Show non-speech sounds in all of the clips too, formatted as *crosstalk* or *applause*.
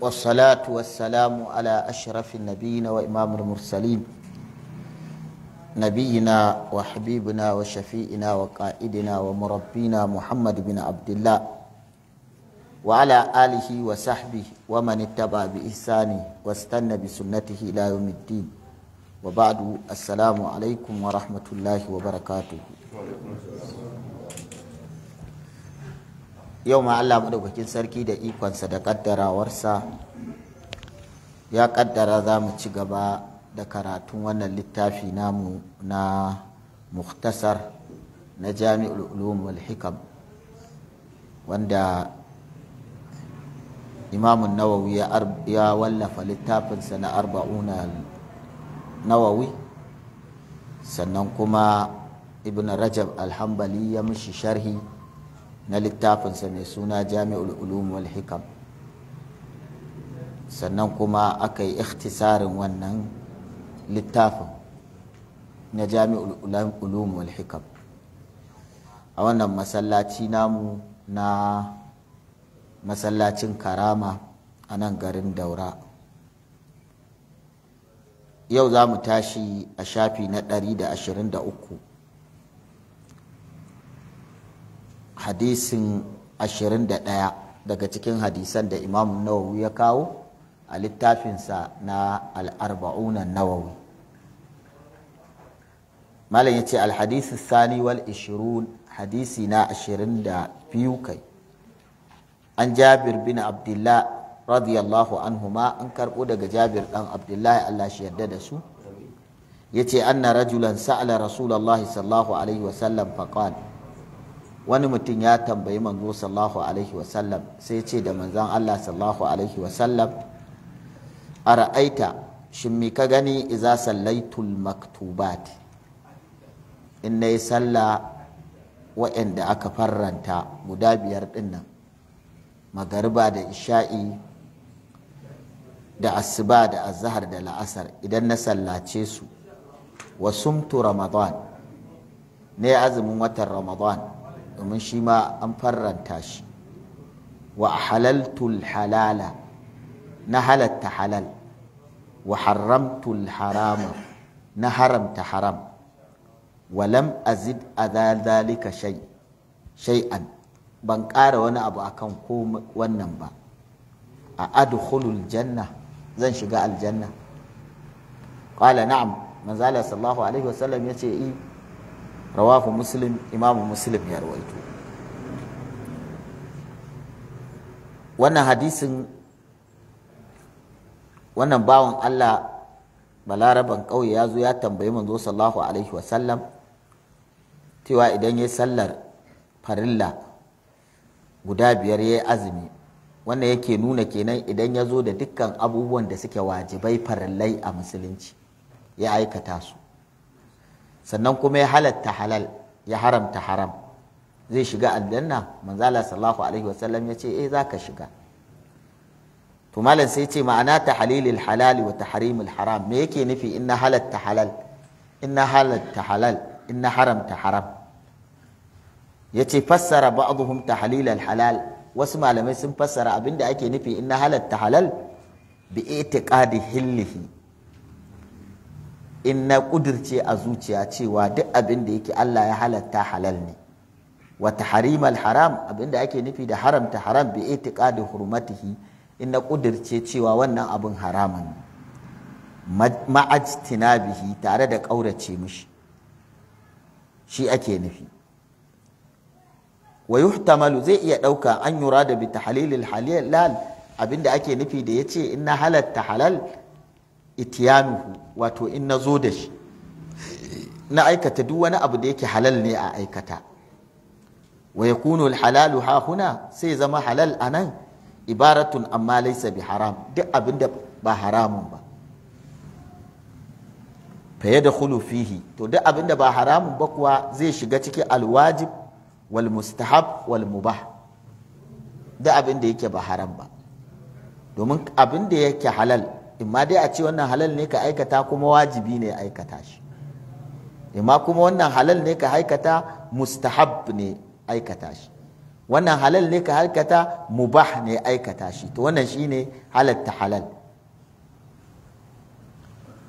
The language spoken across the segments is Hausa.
والصلاة والسلام على أشرف النبيين وإمام المرسلين نبينا وحبيبنا وشفيئنا وقائدنا ومربينا محمد بن عبد الله وعلى آله وصحبه ومن اتبع بإحسانه واستنى بسنته إلى يوم الدين وبعد السلام عليكم ورحمة الله وبركاته yau ma Allah madaukakin sarki da ikonsa da kaddarawarsa ya kaddara za mu ci gaba da karatun wannan littafi namu na muhtasar na jami'ul wal hikam wanda imamun nawawi ya wallafa littafinsa na arba'una nawawi sannan kuma ibn rajab alhambali ya mishi sharhi na littafinsa mai suna jami'ul ulum wal hikam sannan kuma aka yi ikhtisarin wannan littafin na jami'ul ulum wal hikam a wannan masallaci namu na masallacin karama a nan garin daura yau za mu tashi a shafi na 123 hadisin 21 daga cikin hadisan da imam nawawi ya kawo a littafinsa na al'arba'una nawawi malam ya ce alhadisi sani wal ishirun hadisi na ashirin da biyu kai an jabir bin abdullah radiyallahu anhuma an karɓo daga jabir ɗan abdullahi allah shi yarda da su ya ce anna rajulan sa'ala rasulallah sallallahu alaihi wasallam faqala wani mutum ya tambayi manzo sallallahu alaihi wasallam sai ce da manzan Allah sallahu alaihi wasallam a ra'aita shin mi ka gani iza sallaitul maktubat in na yi sallah wa'yanda aka farranta guda biyar dinnan magarba da isha'i da asuba da azahar da la'asar idan na sallace su wa sumtu ramadan ne azumin watan ramadan domin shi ma an farranta shi wa halaltul halala na halatta halal wa haramtul harama na haramta haram lam azid a zalika shay'an ban ƙara wani abu akan ko wannan ba a adkhulul janna zan shiga aljanna qala na'am manzala sallallahu alaihi wasallam yace eh rawafu muslim imamu muslim ya rawaito wannan hadisin wannan bawan Allah balaraban ƙauye ya zo ya tambayi manzo sallahu alaihi wasallam cewa idan ya sallar farilla guda biyar ya yi azumi wannan yake nuna kenan idan ya zo da dukkan abubuwan da suke wajibai farillai a musulunci ya aikata su sannan kuma ya halatta halal ya haramta haram zai shiga aljanna manzala sallallahu alaihi wasallam ya ce eh za ka shiga to malam sai ce ma'ana ta halilil halal wa harimil haram me yake nufi in na halatta halal in na halatta halal in na haramta haram ya ce fassara ta tahlilal halal wasu malamai sun fassara abinda ake nufi in na halatta halal bi itiqadi hillihi in na kudirce a zuciya cewa duk abin da yake Allah ya halatta halal ne Wata harimal haram abin da ake nufi da haramta haram bi itiqadi hurmatihi in na kudirce cewa wannan abin haramun ne bihi tare da ƙaurace mishi shi ake nufi wa yuhtamalu zai iya ɗauka an yura da bi halilil halal abinda ake nufi da yace in na halatta halal itiyanuhu wato in na zo da shi na aikata duk wani abu da yake halal ne a aikata wa yakunu halalu ha huna sai zama halal a nan ibaratun amma laisa bi haram duk abin da ba haramun ba fa hulu fihi to duk abin da ba haramun ba kuwa zai shiga ciki alwajib wal mustahab wal mubah duk abin da yake ba haram ba domin abin da yake halal imma dai a ce wannan halal ne ka aikata kuma wajibi ne aikata shi imma kuma wannan halal ne ka aikata mustahab ne aikata shi wannan halal ne ka aikata mubah ne aikata shi to wannan shine halatta halal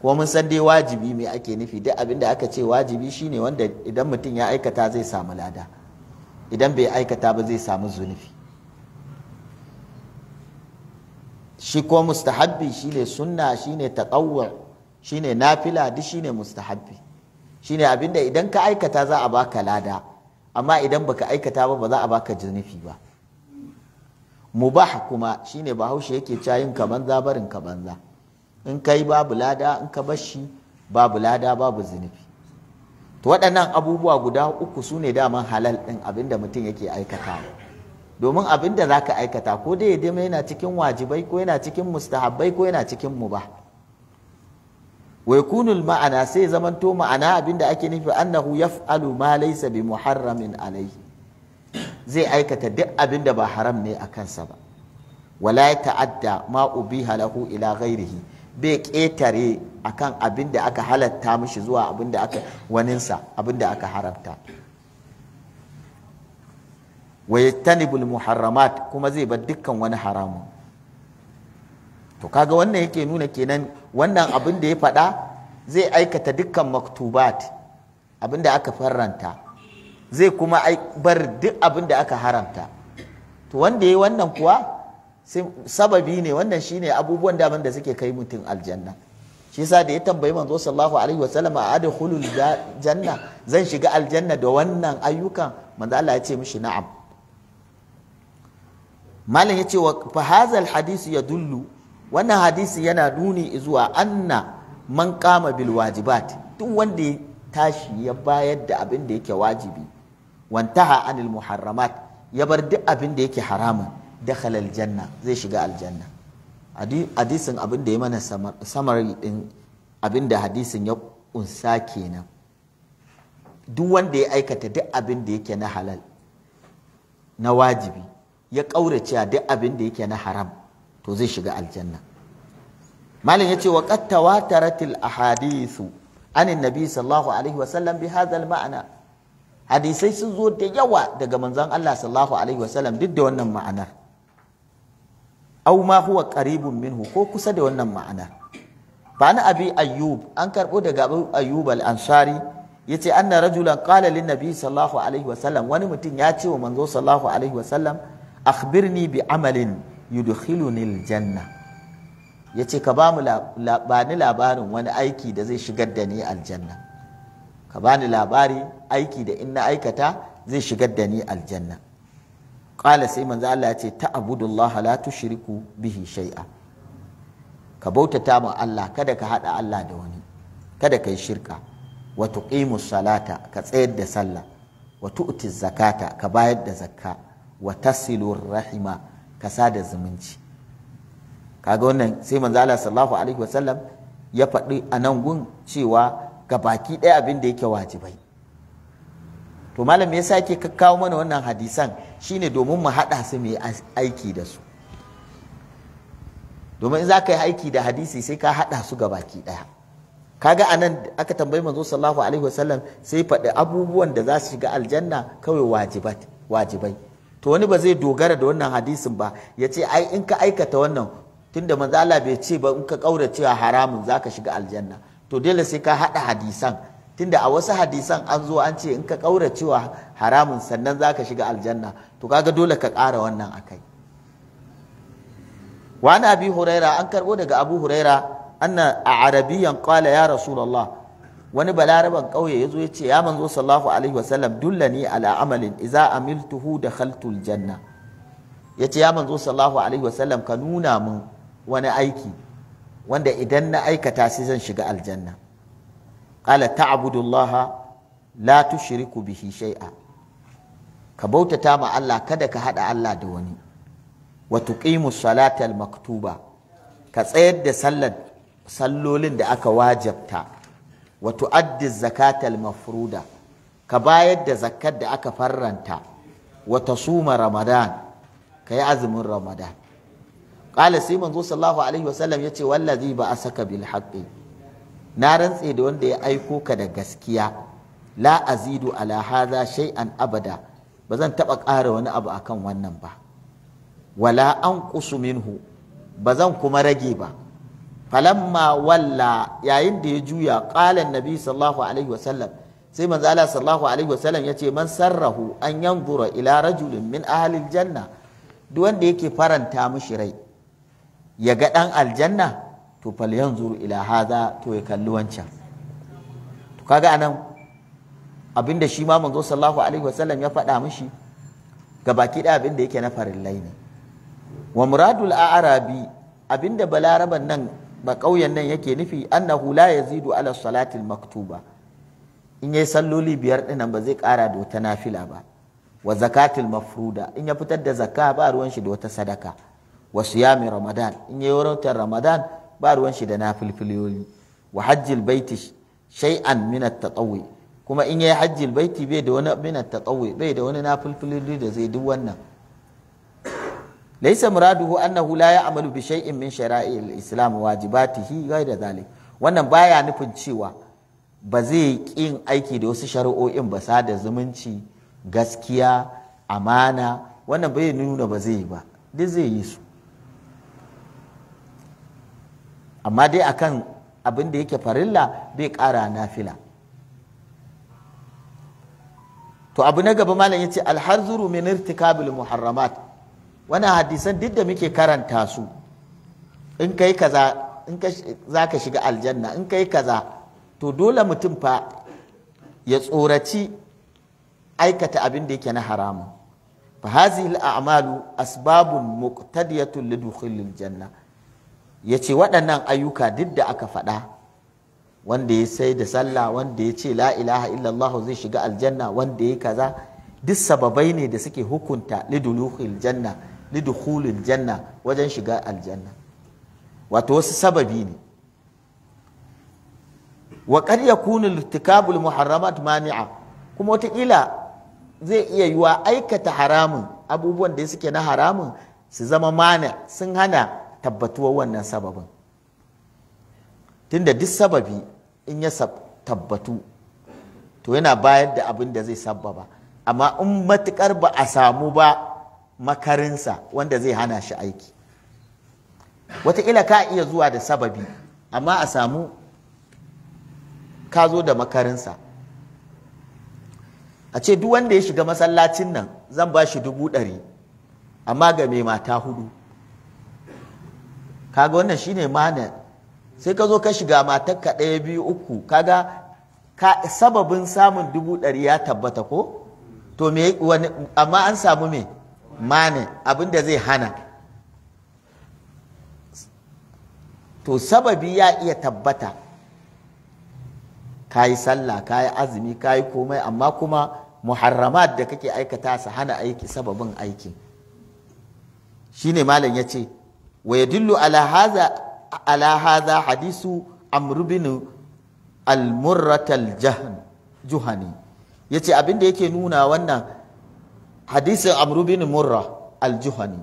kuma mun san dai wajibi me ake nufi duk abin da aka ce wajibi shine wanda idan mutum ya aikata zai samu lada idan bai aikata ba zai samu zunufi. shi ko mustahabbi shine sunna shine taqawwu shine nafila duk ne mustahabbi Shi ne abinda idan ka aikata za a baka lada amma idan baka aikata ba ba za a baka zinifi ba mubah kuma shi ne bahaushe yake cayin ka banza barin ka banza in kai babu lada in ka shi babu lada babu zinifi. to waɗannan abubuwa guda uku su ne daman halal ɗin abinda mutum yake aikatawa domin abin da za ka aikata ko dai ya dama yana cikin wajibai ko yana cikin mustahabbai ko yana cikin ba. wai kunul ma'ana sai zamanto ma'ana abin da ake nufi annahu yaf'alu ma laysa bi muharramin alayhi zai aikata duk abin da ba haram ne a kansa ba wala ya ta'adda ma ubiha lahu ila ghairihi bai ketare akan abin da aka halatta mishi zuwa abin da aka waninsa abin da aka haramta wa muharramat kuma zai bar dukkan wani haramun to kaga wannan yake nuna kenan wannan abin da ya faɗa zai aikata dukkan maktubat abin da aka farranta zai kuma bar duk abin da aka haramta to wanda ya wannan kuwa sababi ne wannan shine abubuwan daman da suke kai mutum aljanna shi yasa da ya tambayi manzo sallallahu alaihi wa sallam adkhulul janna zan shiga aljanna da wannan ayyukan manzo Allah ya ce mishi na'am malam yace wa fa hadisi ya dullu wannan hadisi yana nuni zuwa anna man kama bil wajibat duk wanda ya tashi ya bayar da abin da yake wajibi wantaha anil muharramat ya bar duk abin da yake haramun dakhala janna, zai shiga aljanna hadisin abin da ya mana samari din abin da hadisin ya kunsa kenan duk wanda ya aikata duk abin da yake na halal na wajibi ya ƙaurace duk abin da yake na haram to zai shiga aljanna malam ce wa qad a hadisu anin nabi sallallahu alaihi wa sallam bi hadha ma'ana hadisai sun zo da yawa daga manzon Allah sallallahu alaihi wa sallam duk da wannan ma'anar aw ma huwa qaribun minhu ko kusa da wannan ma'anar ba na abi ayyub an karbo daga abu ayyub al ansari yace anna rajulan qala lin nabi sallallahu alaihi wa sallam wani mutum ya ce wa manzo sallallahu alaihi wa sallam akhbirni bi amalin yudkhiluni aljanna yace ka ba mu labani labarin wani aiki da zai shigar da ni aljanna ka bani labari aiki da in na aikata zai shigar da ni aljanna qala sai manzo Allah yace ta'budullaha la tushriku bihi shay'a ka bautata ma Allah kada ka hada Allah da wani kada ka yi shirka wa tuqimus salata ka tsayar da sallah wa tu'ti zakata ka bayar da zakka wa tasilur rahima kasa da zumunci kaga wannan sai manzo Allah sallallahu alaihi wasallam ya faɗi a nan gun cewa ga baki ɗaya abin da yake wajibai to malam me yasa yake kakkawo mana wannan hadisan shine domin mu haɗa su mu aiki da su domin in za ka yi aiki da hadisi sai ka haɗa su ga baki ɗaya kaga anan aka tambayi manzo sallallahu alaihi wasallam sai faɗi abubuwan da za su shiga aljanna kawai wajibat wajibai to wani ba zai dogara da wannan hadisin ba ya ce ai in ka aikata wannan tunda manzo Allah bai ce ba in ka kaura cewa haramun zaka shiga aljanna to dole sai ka hada hadisan tunda a wasu hadisan an zo an ce in ka kaura cewa haramun sannan zaka shiga aljanna to kaga dole ka kara wannan akai wa ana abi huraira an karbo daga abu huraira anna a arabiyan qala ya rasulullah wani balaraban ƙauye ya zo ya ce ya manzo sallahu alaihi wasallam dullani ala amalin iza amiltuhu da khaltul janna ya ce ya manzo sallahu alaihi wasallam ka nuna min wani aiki wanda idan na aikata sai zan shiga aljanna ƙala ta'budullaha la tushriku bihi shay'a ka bautata ma Allah kada ka hada Allah da wani wa tuqimu salatal maktuba ka tsayar da sallar sallolin da aka wajabta wa addi zakatal mafruda ka bayar da zakkar da aka farranta wata suma ramadan ka yi azumin ramadan ƙala sai manzo sallallahu alaihi wasallam yace wallazi ba asaka bil haqqi na rantse da wanda ya aiko ka da gaskiya la azidu ala hadha shay'an abada ba zan taba ƙara wani abu akan wannan ba wala an minhu ba zan kuma rage ba falamma walla yayin da ya juya ƙalan nabi sallallahu alaihi wasallam sai manzo Allah sallallahu alaihi wasallam ya ce man sarrahu an yanzura ila rajulin min ahli janna duk wanda yake faranta mishi rai ya ga dan aljanna to fal yanzuru ila hadha to ya kalli wancan to kaga anan abinda shi ma manzo sallallahu alaihi wasallam ya faɗa mishi gabaki ɗaya abinda yake na farillai ne wa muradul a'rabi abinda balaraban nan ba ƙauyen nan yake nufi annahu la yazidu ala salatil maktuba in yi salloli biyar dinan ba zai ƙara da wata nafila ba wa zakatil mafruda in ya fitar da zakka ba ruwan shi da wata sadaka wa siyami ramadan in yi wurin ramadan ba ruwan shi da nafilfiliyoyi wa hajjil baiti shay'an min at-tatawwi kuma in yi hajjil baiti bai da wani min at-tatawwi bai da wani nafilfiliyoyi da zai duk wannan ليس مراده annahu la يعمل بشيء من شرائع الاسلام islam غير ذلك wannan baya nufin cewa ba zai kin aiki da wasu shari'o'in ba sada zumunci gaskiya amana wannan bai nuna ba zai yi ba duk zai yi su amma dai akan abin da yake farilla bai ƙara nafila to abu na gaba malam yace alharzuru min irtikabil muharramat wani hadisan duk da muke karanta su in kai kaza in ka za ka shiga aljanna in kai kaza to dole mutum fa ya tsoraci aikata abin da yake na haramun fa hazihi al'amalu asbabun muqtadiyatun lidukhulil janna yace waɗannan ayyuka duk da aka faɗa wanda ya sai da sallah wanda ya ce la ilaha illallah zai shiga aljanna wanda ya kaza duk sababai ne da suke hukunta lidulukhil janna lidukhulil janna wajen shiga aljanna wato wasu sababi ne wa qad yakunu irtikabul muharramat mani'a kuma wataƙila zai iya yiwa aikata haramun abubuwan da suke na haramun su zama mana sun hana tabbatuwar wannan sababin tunda duk sababi in ya tabbatu to yana bayar da abin da zai sababa amma in matukar ba a samu ba makarinsa wanda zai hana shi aiki wataƙila ka iya zuwa da sababi amma a samu ka zo da makarinsa a ce duk wanda ya shiga masallacin nan zan ba shi dubu ɗari amma ga mai mata hudu kaga wannan shine manan. sai ka zo ka shiga matarka ɗaya biyu uku kaga ka sababin samun dubu ɗari ya tabbata ko to me amma an samu me mani abin da zai hana to sababi ya iya tabbata ka yi sallah ka yi azumi ka yi komai amma kuma muharramat da kake aikata su hana aiki sababin aiki shine malam ya ce wa yadullu ala haza hadisu amrubinu bin al-murrat juhani yace abin da yake nuna wannan hadisin amru bin murra aljuhani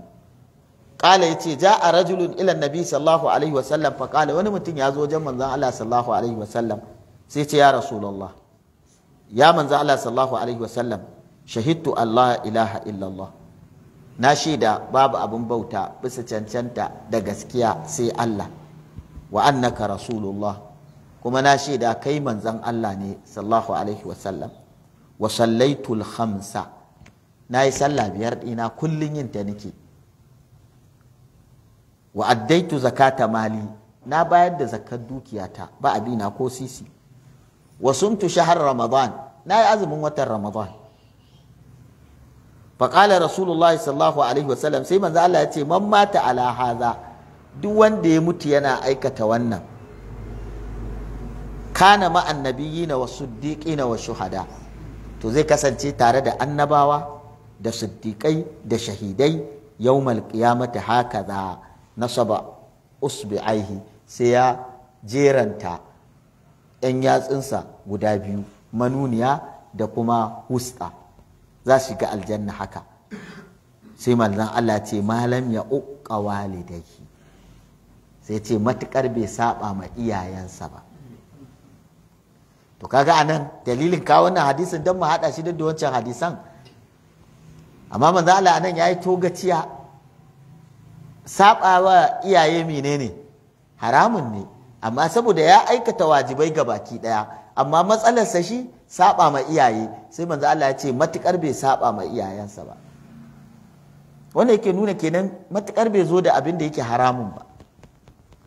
ƙala yace ja'a rajulun ila nabi sallallahu alaihi wasallam fa kala wani mutum ya zo wajen manzon Allah sallallahu alaihi wasallam sai ce ya rasulullah ya manzon Allah sallallahu alaihi wasallam shahidtu Allah ilaha illallah na shaida babu abin bauta bisa cancanta da gaskiya sai Allah wa annaka rasulullah kuma na shaida kai manzon Allah ne sallallahu alaihi wasallam wa sallaitul hamsa. na yi sallah biyar ɗina kullum yin ta nake wa addaitu zakata mali na bayar da zakar dukiyata ba abina ko sisi wa sumtu shahar ramadan na yi azumin watan ramadan faƙalar rasulullahi sallallahu alaihi wasallam sai manzo Allah ya ce man mata ala haza duk wanda ya mutu yana aikata wannan kana ma'an na wa na wa shuhada to zai kasance tare da annabawa da siddiƙai da shahidai yawmal qiyamati hakaza nasaba usbi'aihi sai ya jeranta yan yatsunsa guda biyu manuniya da kuma husta. za su shiga aljanna haka sai manzon Allah ce malam ya uqqa walidayhi sai ce matuƙar bai saba ma iyayensa ba to kaga anan dalilin kawo wannan hadisin don mu haɗa shi da wancan hadisan amma manzo Allah anan yayi togaciya sabawa iyaye menene haramun ne amma saboda ya aikata wajibai ga baki daya amma matsalarsa shi saba ma iyaye sai manzo Allah ya ce matukar bai saba ma iyayensa ba wanda yake nuna kenan matukar bai zo da abin da yake haramun ba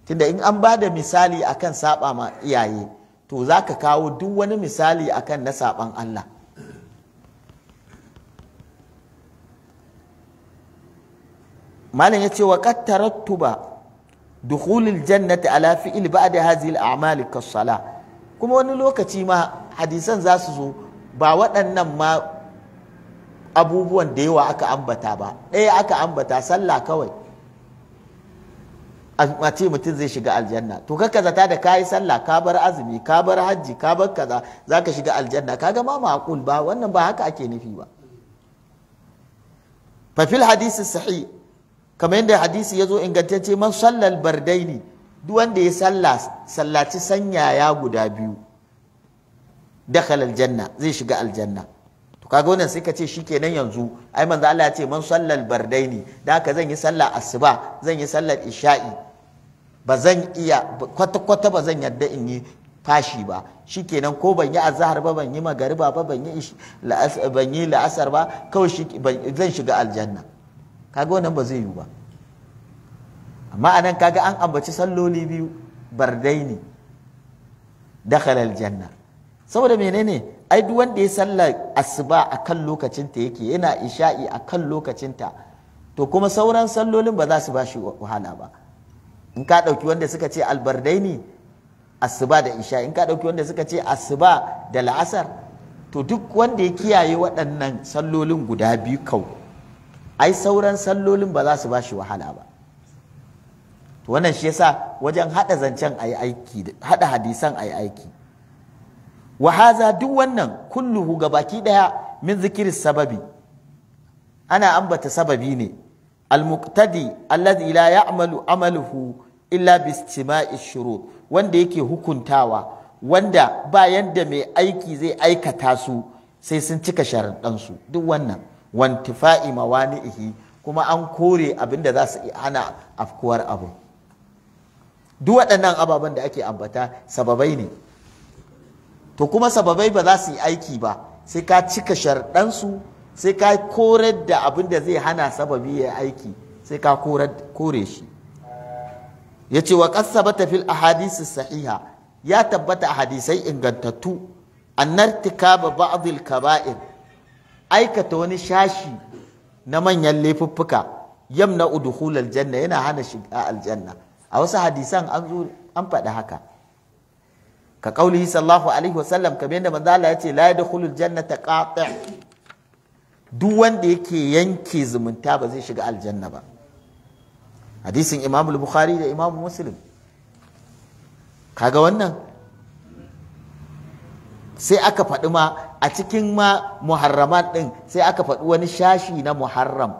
tunda in an ba da misali akan saba ma iyaye to zaka kawo duk wani misali akan na saban Allah malam ya ce wa qad ba dukhulul jannati ala fi'il ba'da hadhihi al-a'mal kas Sala. kuma wani lokaci ma hadisan za su zo ba waɗannan ma abubuwan da yawa aka ambata ba ɗaya aka ambata sallah kawai a ce mutum zai shiga aljanna to ka zata da kayi sallah ka bar azumi ka bar hajji ka bar kaza za ka shiga aljanna ka ga ma ma'qul ba wannan ba haka ake nufi ba fa fil hadisi sahih kamar yadda hadisi ya zo ingantacce man sallal bardaini duk wanda ya salla sallaci sanyaya guda biyu dakhala aljanna zai shiga aljanna to kaga wannan sai ka ce shikenan yanzu ai manzo Allah ya ce man sallal bardaini da haka zan yi sallar asuba zan yi sallar isha'i ba zan iya kwata kwata ba zan yarda in yi fashi ba shi shikenan ko ban yi azhar ba ban yi magariba ba ban yi la'asar ba kawai zan shiga aljanna kaga wannan ba zai yiwu ba amma anan kaga an ambaci salloli biyu bardai ne dakhala aljanna saboda menene ai duk wanda ya sallar asuba akan lokacinta yake yana isha'i akan lokacinta to kuma sauran sallolin ba za su ba shi wahala ba in ka ɗauki wanda suka ce albardai ne asuba da isha in ka ɗauki wanda suka ce asuba da la'asar to duk wanda ya kiyaye waɗannan sallolin guda biyu kau ai sauran sallolin ba za su ba shi wahala ba wannan shi yasa wajen haɗa zancen yi aiki hada hadisan yi aiki Wahaza duk wannan kulluhu baki ɗaya, min zikiri sababi ana ambata sababi ne almuqtadi alladhi la ya'malu amaluhu illa bi istima'i shurut wanda yake hukuntawa wanda ba yanda mai aiki zai aikata su sai sun cika sharaɗansu duk wannan wantifa'i mawani'ihi kuma an kore abin da za su hana afkuwar abu duk waɗannan ababen da ake ambata sababai ne to kuma sababai ba za su yi aiki ba sai ka cika sharɗansu sai ka korar da abin da zai hana sababi ya aiki sai ka kore shi ya ce wa ƙasabata fil ahadisi sahiha ya tabbata a hadisai ingantattu annar ba ba'dil kaba'ir aikata wani shashi na manyan laifuffuka yamna udkhul aljanna yana hana shiga aljanna a wasu hadisan an zo an faɗi haka ka kaulihi sallallahu alaihi wasallam kamar yadda manzo Allah ya la yadkhulul jannata qati' duk wanda yake yanke zumunta ba zai shiga aljanna ba hadisin imamu bukhari da Imam Muslim kaga wannan sai aka faɗi ma a cikin ma muharramat ɗin sai aka faɗi wani shashi na muharram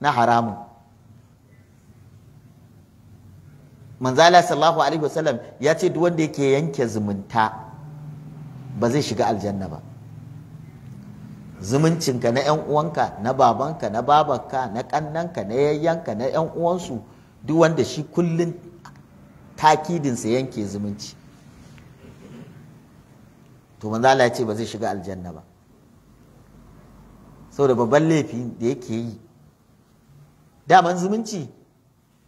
na haramun manzala sallallahu alaihi wasallam ya ce duk wanda yake yanke zumunta ba zai shiga aljanna ba zumuncinka na 'yan uwanka na babanka na babanka na kannanka na yayyanka na 'yan uwansu duk wanda shi kullun takidinsa yanke zumunci to manzo Allah ya ce ba zai shiga aljanna ba saboda babban laifi da yake yi daman zumunci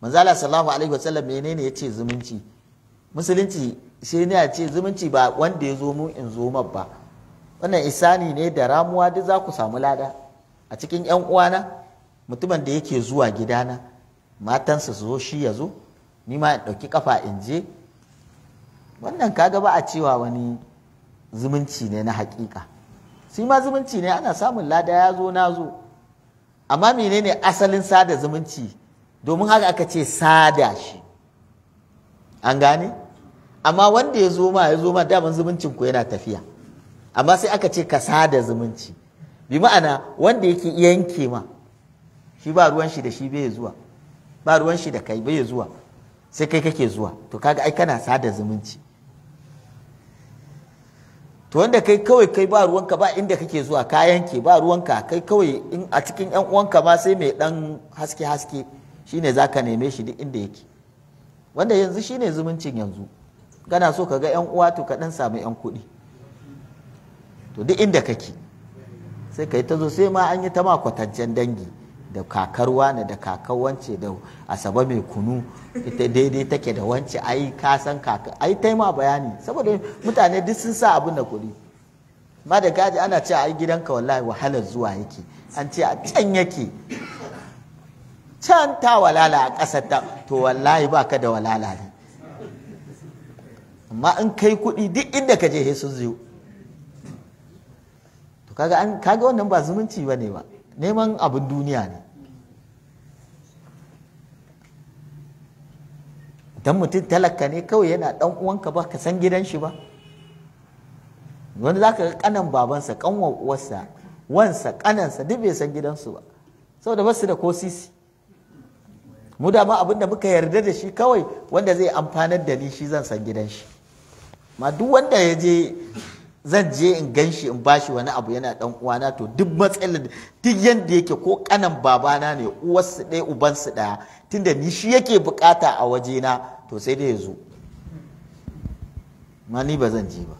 manzo Allah sallallahu alaihi wasallam menene yace zumunci musulunci sai ne a ce zumunci ba wanda ya zo mu in zo ba wannan isani ne da ramuwa duk za ku samu lada a cikin yan uwana mutumin da yake zuwa gidana matansa su zo shi ya zo ni ma in ɗauki kafa in je wannan kaga ba a cewa wani zumunci ne na hakika, sai ma zumunci ne ana samun lada ya zo na zo amma menene asalin sada zumunci domin haka aka ce sada shi an gane amma wanda ya zo ma ya zo ma daman zumuncin ku yana tafiya amma sai aka ce ka sada zumunci bi ma'ana wanda yake yanke ma shi ba ruwan shi da shi bai zuwa ba ruwan shi da kai bai zuwa sai kai kake zuwa to kaga ai kana sada zumunci to wanda kai kawai kai ba ruwanka ba inda kake zuwa ka yanke ba ruwanka kai kawai in a cikin yan uwanka ma sai mai dan haske haske shine zaka neme shi duk inda yake wanda yanzu shine zumuncin yanzu kana so ka ga yan uwa to ka dan samu yan kuɗi to duk inda kake sai kai ta zo sai ma an yi ta ma kwatancen dangi da kakar wane da kakar wance da asaba mai kunu ita daidai take da wance ai ka san kaka ai ta ma bayani saboda mutane duk sun sa abin da kuɗi ma da gaji ana ce ai gidanka wallahi wahalar zuwa yake an ce a can yake can ta walala a ƙasar ta to wallahi ba ka da walala ne amma in kai kuɗi duk inda ka je sun ziyo to kaga wannan ba zumunci ba ne ba neman abin duniya ne Don mutum talaka ne kawai yana ɗan uwanka ba ka san gidan shi ba wanda ka ga kanan babansa kanwa uwarsa wansa kanansa duk bai san gidansu ba saboda basu da ko sisi mu da ma da muka yarda da shi kawai wanda zai amfanar da ni shi zan san gidan shi ma duk wanda ya je zan je in gan shi in bashi wani abu yana dan uwana to duk matsalar duk yadda yake ko kanan babana ne uwarsu ɗaya ubansu ɗaya tunda ni shi yake bukata a wajena to sai dai ya zo ma ni ba zan je ba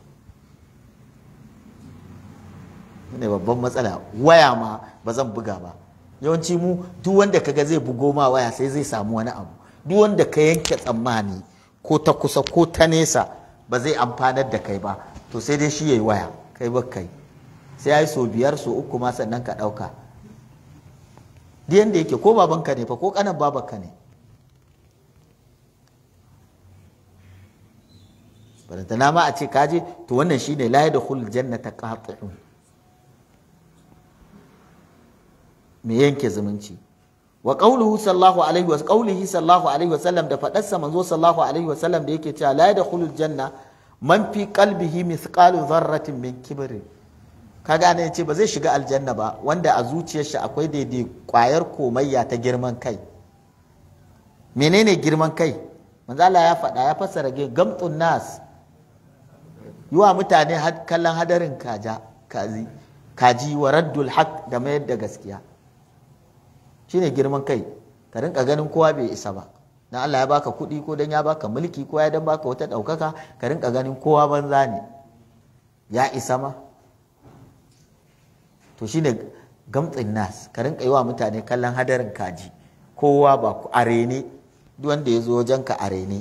ne babban matsala waya ma ba zan buga ba yawanci mu duk wanda kaga zai bugo ma waya sai zai samu wani abu duk wanda ka yanke tsammani ko ta kusa ko ta nesa ba zai amfanar da kai ba to sai dai shi ya yi waya kai bakkai sai ya yi so biyar so uku ma sannan ka ɗauka duk yanda yake ko babanka ne fa ko ƙanan babanka ne barantana ma a ce kaje to wannan shi ne shine la yadkhul jannata qati'un me yanke zumunci wa qawluhu sallallahu alaihi wa da fadarsa manzo sallallahu alaihi wa da yake cewa layi da yadkhulul janna man fi kalbihi misqalu zarratin min kibrin ka gane ya ce ba zai shiga aljanna ba wanda a zuciyar shi akwai daidai kwayar komayya ta girman kai menene girman kai manzo Allah ya faɗa ya fassara ge gamtun nas yiwa mutane kallon hadarin kaja kazi kaji wa raddul haq da mayar da gaskiya shine girman kai ka rinka ganin kowa bai isa ba dan Allah ya baka kuɗi ko dan ya baka mulki ko ya dan baka wata ɗaukaka ka rinka ganin kowa banza ne ya isa ma to ne gamtsin nas ka rinka yi wa mutane kallon hadarin kaji kowa ba ku rene duk wanda ya zo wajen ka rene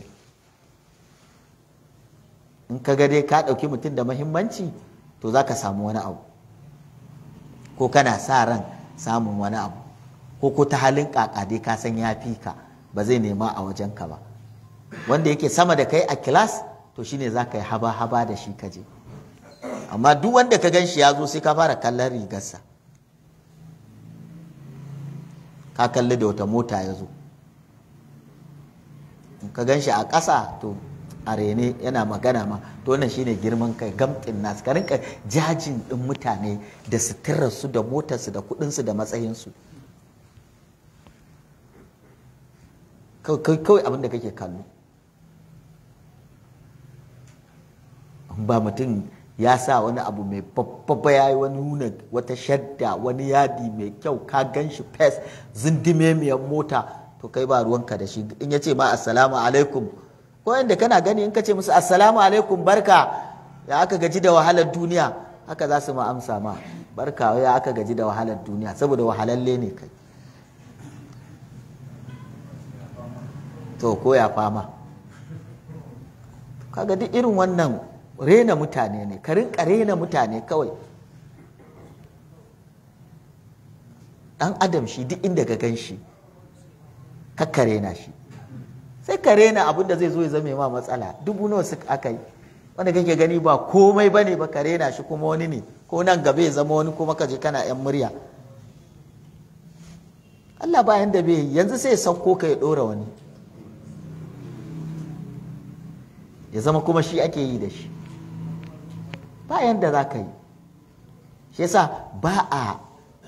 in ka ga dai ka ɗauki mutum da mahimmanci to za ka samu wani abu ko kana sa ran samun wani abu ko ko ta halin ƙaƙa dai ka san ya fi ka ba zai nema a wajenka ba wanda yake sama da kai a kilas to shine za ka yi haba-haba da shi ka je. amma duk wanda ka ganshi ya zo sai ka fara kallon rigarsa ka kalli da wata mota ya zo ka gan shi a ƙasa to a rene yana magana ma to wannan shine girman kai gamtin nasu ka rinka jajin ɗin mutane da suturarsu da motarsu da kuɗinsu da matsayinsu kawai abin da kake kallo ba mutum ya sa wani abu mai babba ya yi wani nuna wata shadda wani yadi mai kyau ka gan shi fes zindimemiyar mota to kai ba ruwanka da shi in ya ce ma assalamu alaikum wanda kana gani in ka ce musu assalamu alaikum barka ya aka gaji da wahalar duniya haka za su ma amsa ma barka ya aka gaji da wahalar duniya saboda wahalalle ne kai to koya fama kaga duk irin wannan rena mutane ne ka rinka rena mutane kawai dan adam shi duk inda ka gan shi ka na shi sai ka rena abinda zai zo ya zame ma matsala dubu nawa suka aka yi wanda kake gani ba komai bane ba ka rena shi kuma wani ne ko nan gaba ya zama wani kuma ka je kana yan murya Allah bayan da bai yanzu sai ya sauko ka ya dora wani ya zama kuma shi ake yi da shi ba yadda za ka yi shi yasa ba a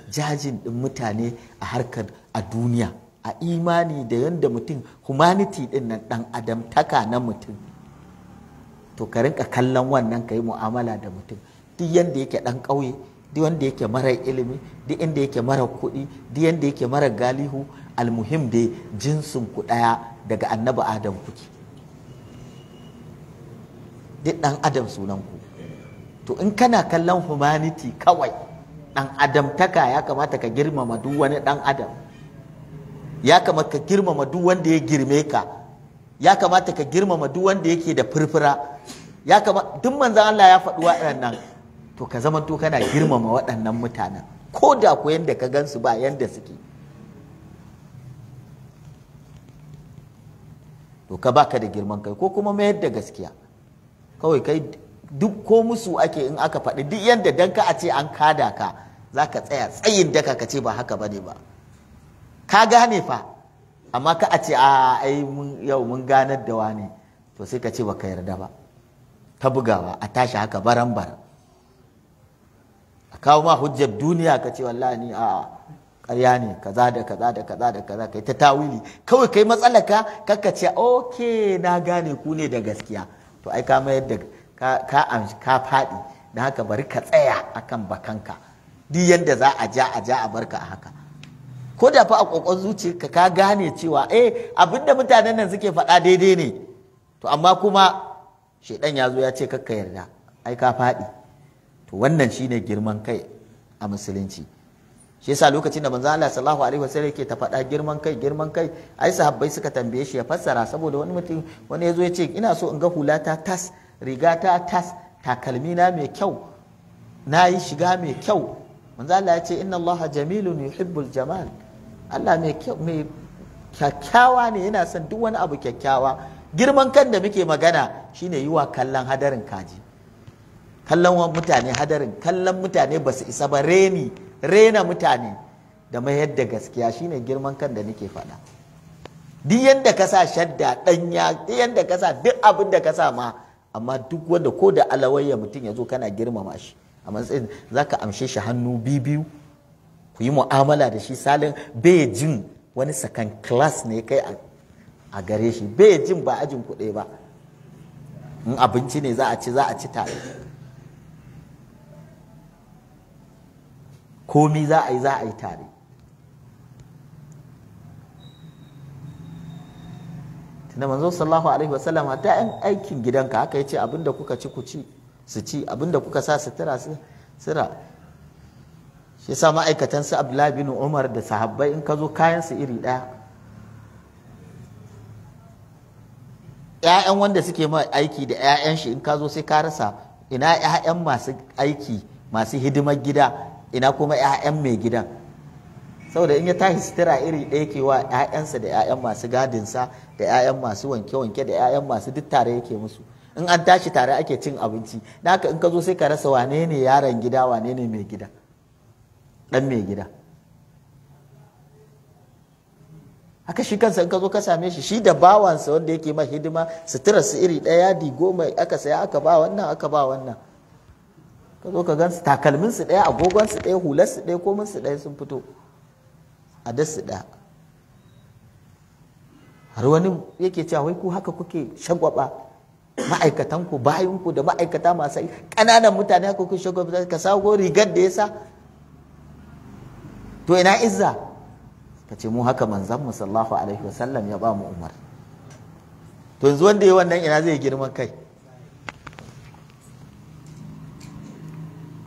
jajin ɗin mutane a harkar a duniya a imani da yadda mutum humanity ɗin nan ɗan adam taka na mutum to ka rinka kallon wannan ka yi mu'amala da mutum duk yadda yake dan ƙauye duk wanda yake mara ilimi duk inda yake mara kuɗi duk yadda yake mara galihu almuhim dai jinsin ku ɗaya daga annabi adam kuke duk ɗan adam sunan ku to in kana kallon humanity kawai ɗan adamtaka ya kamata ka girmama duk wani ɗan adam ya kamata ka girmama duk wanda ya girme ka ya kamata ka girmama duk wanda yake da furfura ya kamata duk manzan Allah ya faɗi waɗannan to ka zama to kana girmama waɗannan mutanen ko da ku yanda ka gansu ba yanda suke to ka baka da girman kai ko kuma mayar da gaskiya kawai kai duk ko musu ake in aka faɗi duk yadda dan ka a ce an kada ka za ka tsaya tsayin daka ka ce ba haka ba ne ba ka gane fa amma ka a ce a ai yau mun ganar da wani to sai ka ce ba ka yarda ba ta bugawa a tashi haka baran bara a kawo ma hujjar duniya ka ce wallahi ni a ƙarya ne kaza da kaza da kaza da kaza kai ta tawili kawai kai matsalaka kakka ce okay na gane ku ne da gaskiya to ai ka mayar da ka ka faɗi da haka bari ka tsaya akan bakanka duk yadda za a ja a ja a barka a haka ko da fa a ƙoƙon zuciya ka gane cewa eh abinda mutanen nan suke faɗa daidai ne to amma kuma shaidan ya zo ya ce kakka yarda ai ka faɗi to wannan shine girman kai a musulunci shi yasa lokacin da manzo Allah sallallahu alaihi wasallam yake ta faɗa girman kai girman kai ai sahabbai suka tambaye shi ya fassara saboda wani mutum wani yazo ya ce ina so in ga ta tas ta tas takalmi na mai kyau na yi shiga mai kyau manzo Allah ya ce inna Allah jamilun yuhibbul jamal Allah mai mai kyakkyawa ne yana son duk wani abu kyakkyawa girman kan da muke magana shine yiwa wa kallon hadarin kaji kallon mutane hadarin kallon mutane ba su isa ba reni rena mutane da mayar da gaskiya shine girman kan da nake faɗa duk yadda ka sa shadda ɗanya duk yadda ka sa duk abin da ka sa ma amma duk wanda ko da alawayya mutum ya zo kana girmama shi a matsayin za ka amshe shi hannu biyu biyu ku yi mu'amala da shi salin bai jin wani sakan class ne kai a gare shi bai jin ba ajin kuɗe ba in abinci ne za a ci za a ci tare komi za a yi za a yi tare tunda manzo sallahu alaihi wasallam hatta yan aikin gidanka haka ce abinda kuka ci ku ci su ci abinda kuka sa sutura su sira shi sa ma'aikatan su Abdullahi bin Umar da sahabbai in ka zo kayan su iri daya ‘ya'yan wanda suke ma aiki da ‘ya'yan shi in ka zo sai ka rasa ina ‘ya'yan masu aiki masu hidimar gida ina kuma 'ya'yan mai gidan saboda in ya tashi sitira iri ɗaya ke wa 'ya'yansa da 'ya'yan masu gadinsa da 'ya'yan masu wanke-wanke da 'ya'yan masu duk tare yake musu in an tashi tare ake cin abinci da haka in ka zo sai ka rasa wane ne yaron gida wane ne mai gida ɗan mai gida haka shi kansa in ka zo ka same shi shi da bawansa wanda yake ma hidima sutura su iri ɗaya yadi goma aka saya aka ba wannan aka ba wannan ka zo ka gan su takalmin su ɗaya agogon su ɗaya hular su ɗaya komin su ɗaya sun fito a da su ɗaya har wani yake cewa wai ku haka kuke shagwaba ma'aikatanku bayanku da ma'aikata masu ƙananan mutane haka kuke shagwaba ka sago rigar da ya sa to ina izza ka ce mu haka manzan mu sallahu alaihi wasallam ya ba mu umar to yanzu wanda ya wannan ina zai girman kai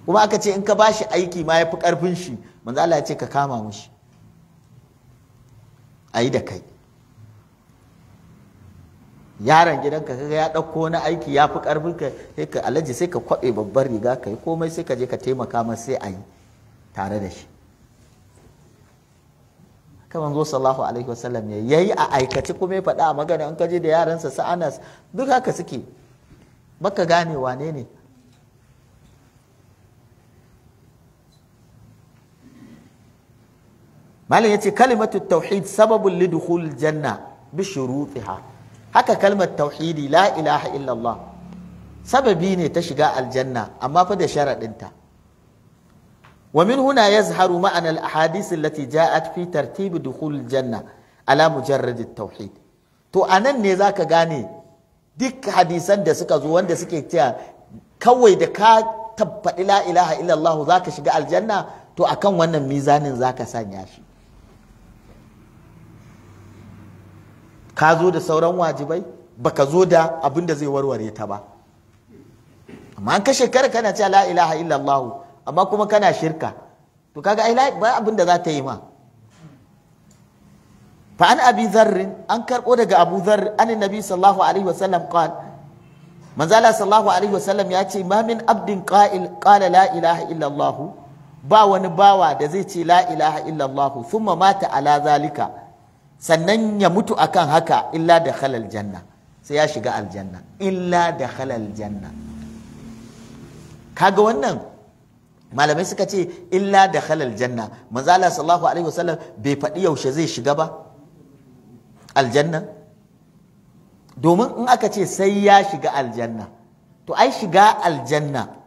kuma aka ce in ka ba shi aiki ma ya fi ƙarfin shi ya ce ka kama mushi a yi da kai yaron gidanka kaga ya ɗauko na aiki ya fi ƙarfin ka sai ka alaji sai ka kwaɓe babbar riga ka yi komai sai ka je ka taimaka masa sai a yi tare da shi kamar zo sallahu alaihi wasallam ya yi a aikace kuma ya faɗa a magana in ka je da yaransa sa'anas duk haka suke baka gane wane ne malam yace kalimatu tauhid sababul lidukhul janna bi shurutiha haka kalmar tauhidi la ilaha illallah sababi ne ta shiga aljanna amma fa da sharadinta wa min huna yazharu ma'anar ahadisin ahadith allati ja'at fi tartib dukhul janna ala mujarrad tauhid to anan ne zaka gane duk hadisan da suka zo wanda suke cewa kawai da ka tabbaɗi la ilaha illallah zaka shiga aljanna to akan wannan mizanin za ka sanya shi ka zo da sauran wajibai baka zo da abin da zai warware ta ba amma an ka shekara kana cewa la ilaha illallah amma kuma kana shirka to kaga ai ba abin da za ta yi ma fa an abi zarr an karbo daga abu zarr an nabi sallallahu alaihi wasallam qala manzo Allah sallallahu alaihi wasallam ya ce ma min abdin qa'il qala la ilaha illallah ba wani bawa da zai ce la ilaha illallah thumma mata ala zalika sannan ya mutu akan haka illa da halal janna sai ya shiga aljanna illa da halal janna kaga wannan malamai suka ce illa da halal janna manzala sallallahu alaihi wasallam bai faɗi yaushe zai shiga ba aljanna domin in aka ce sai ya shiga aljanna to ai shiga aljanna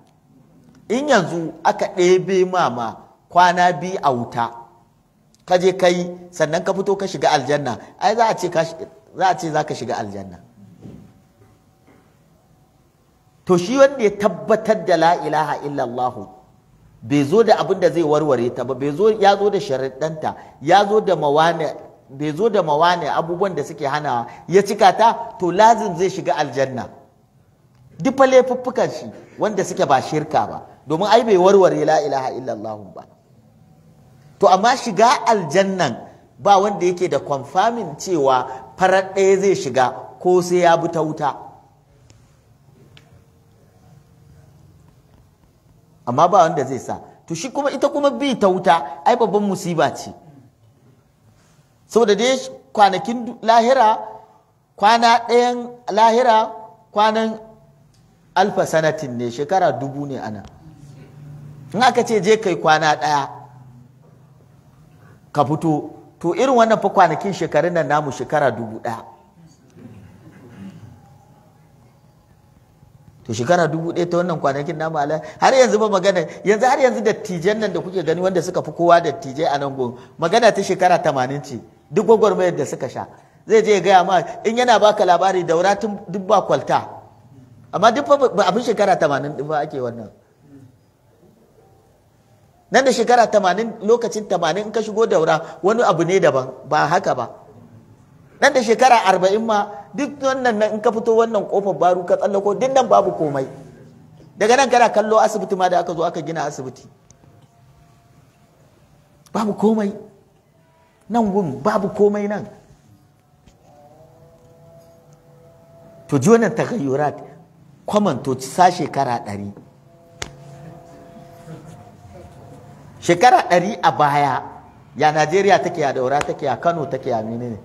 in yanzu aka ɗebe mama kwana biyu a wuta ka je kai sannan ka fito ka shiga aljanna ai za a ce za ka shiga aljanna to shi wanda ya tabbatar da la ilaha illallahu bai zo da abin da zai warware ta ba ya zo da sharaɗanta ya zo da mawane bai zo da mawane abubuwan da suke hanawa ya cika ta to lazim zai shiga aljanna duk fa shi wanda suke ba shirka ba domin ai bai warware la ilaha illallah ba to amma shiga aljannan ba wanda yake da kwamfamin cewa farar ɗaya zai shiga ko sai ya bi ta wuta amma ba wanda zai sa to shi kuma ita kuma bi ta wuta ai babban musiba ce saboda dai kwanakin lahira kwana ɗayan lahira kwanan alfa sanatin ne shekara dubu ne ana in aka ce je kai kwana ɗaya ka fito to irin wannan fa kwanakin shekarun nan namu shekara dubu ɗaya to shekara dubu ɗaya ta wannan kwanakin namu ala har yanzu ba magana yanzu har yanzu dattijan nan da kuke gani wanda suka fi kowa dattijai a nan gun magana ta shekara tamanin ce duk gwagwarmayar da suka sha zai je ya gaya ma in yana baka labari daura tun duk ba kwalta amma duk abin shekara tamanin ɗin ba ake wannan nan da shekara tamanin lokacin tamanin in ka shigo daura wani abu ne daban ba haka ba nan da shekara arba'in ma duk wannan in ka fito wannan kofar baru ka tsallako duk nan babu komai daga nan kana kallo asibiti ma da aka zo aka gina asibiti babu komai nan gun babu komai nan to ji wannan tagayyurat kwamanto sa shekara ɗari shekara ɗari a baya ya najeriya take a daura take a kano take a menene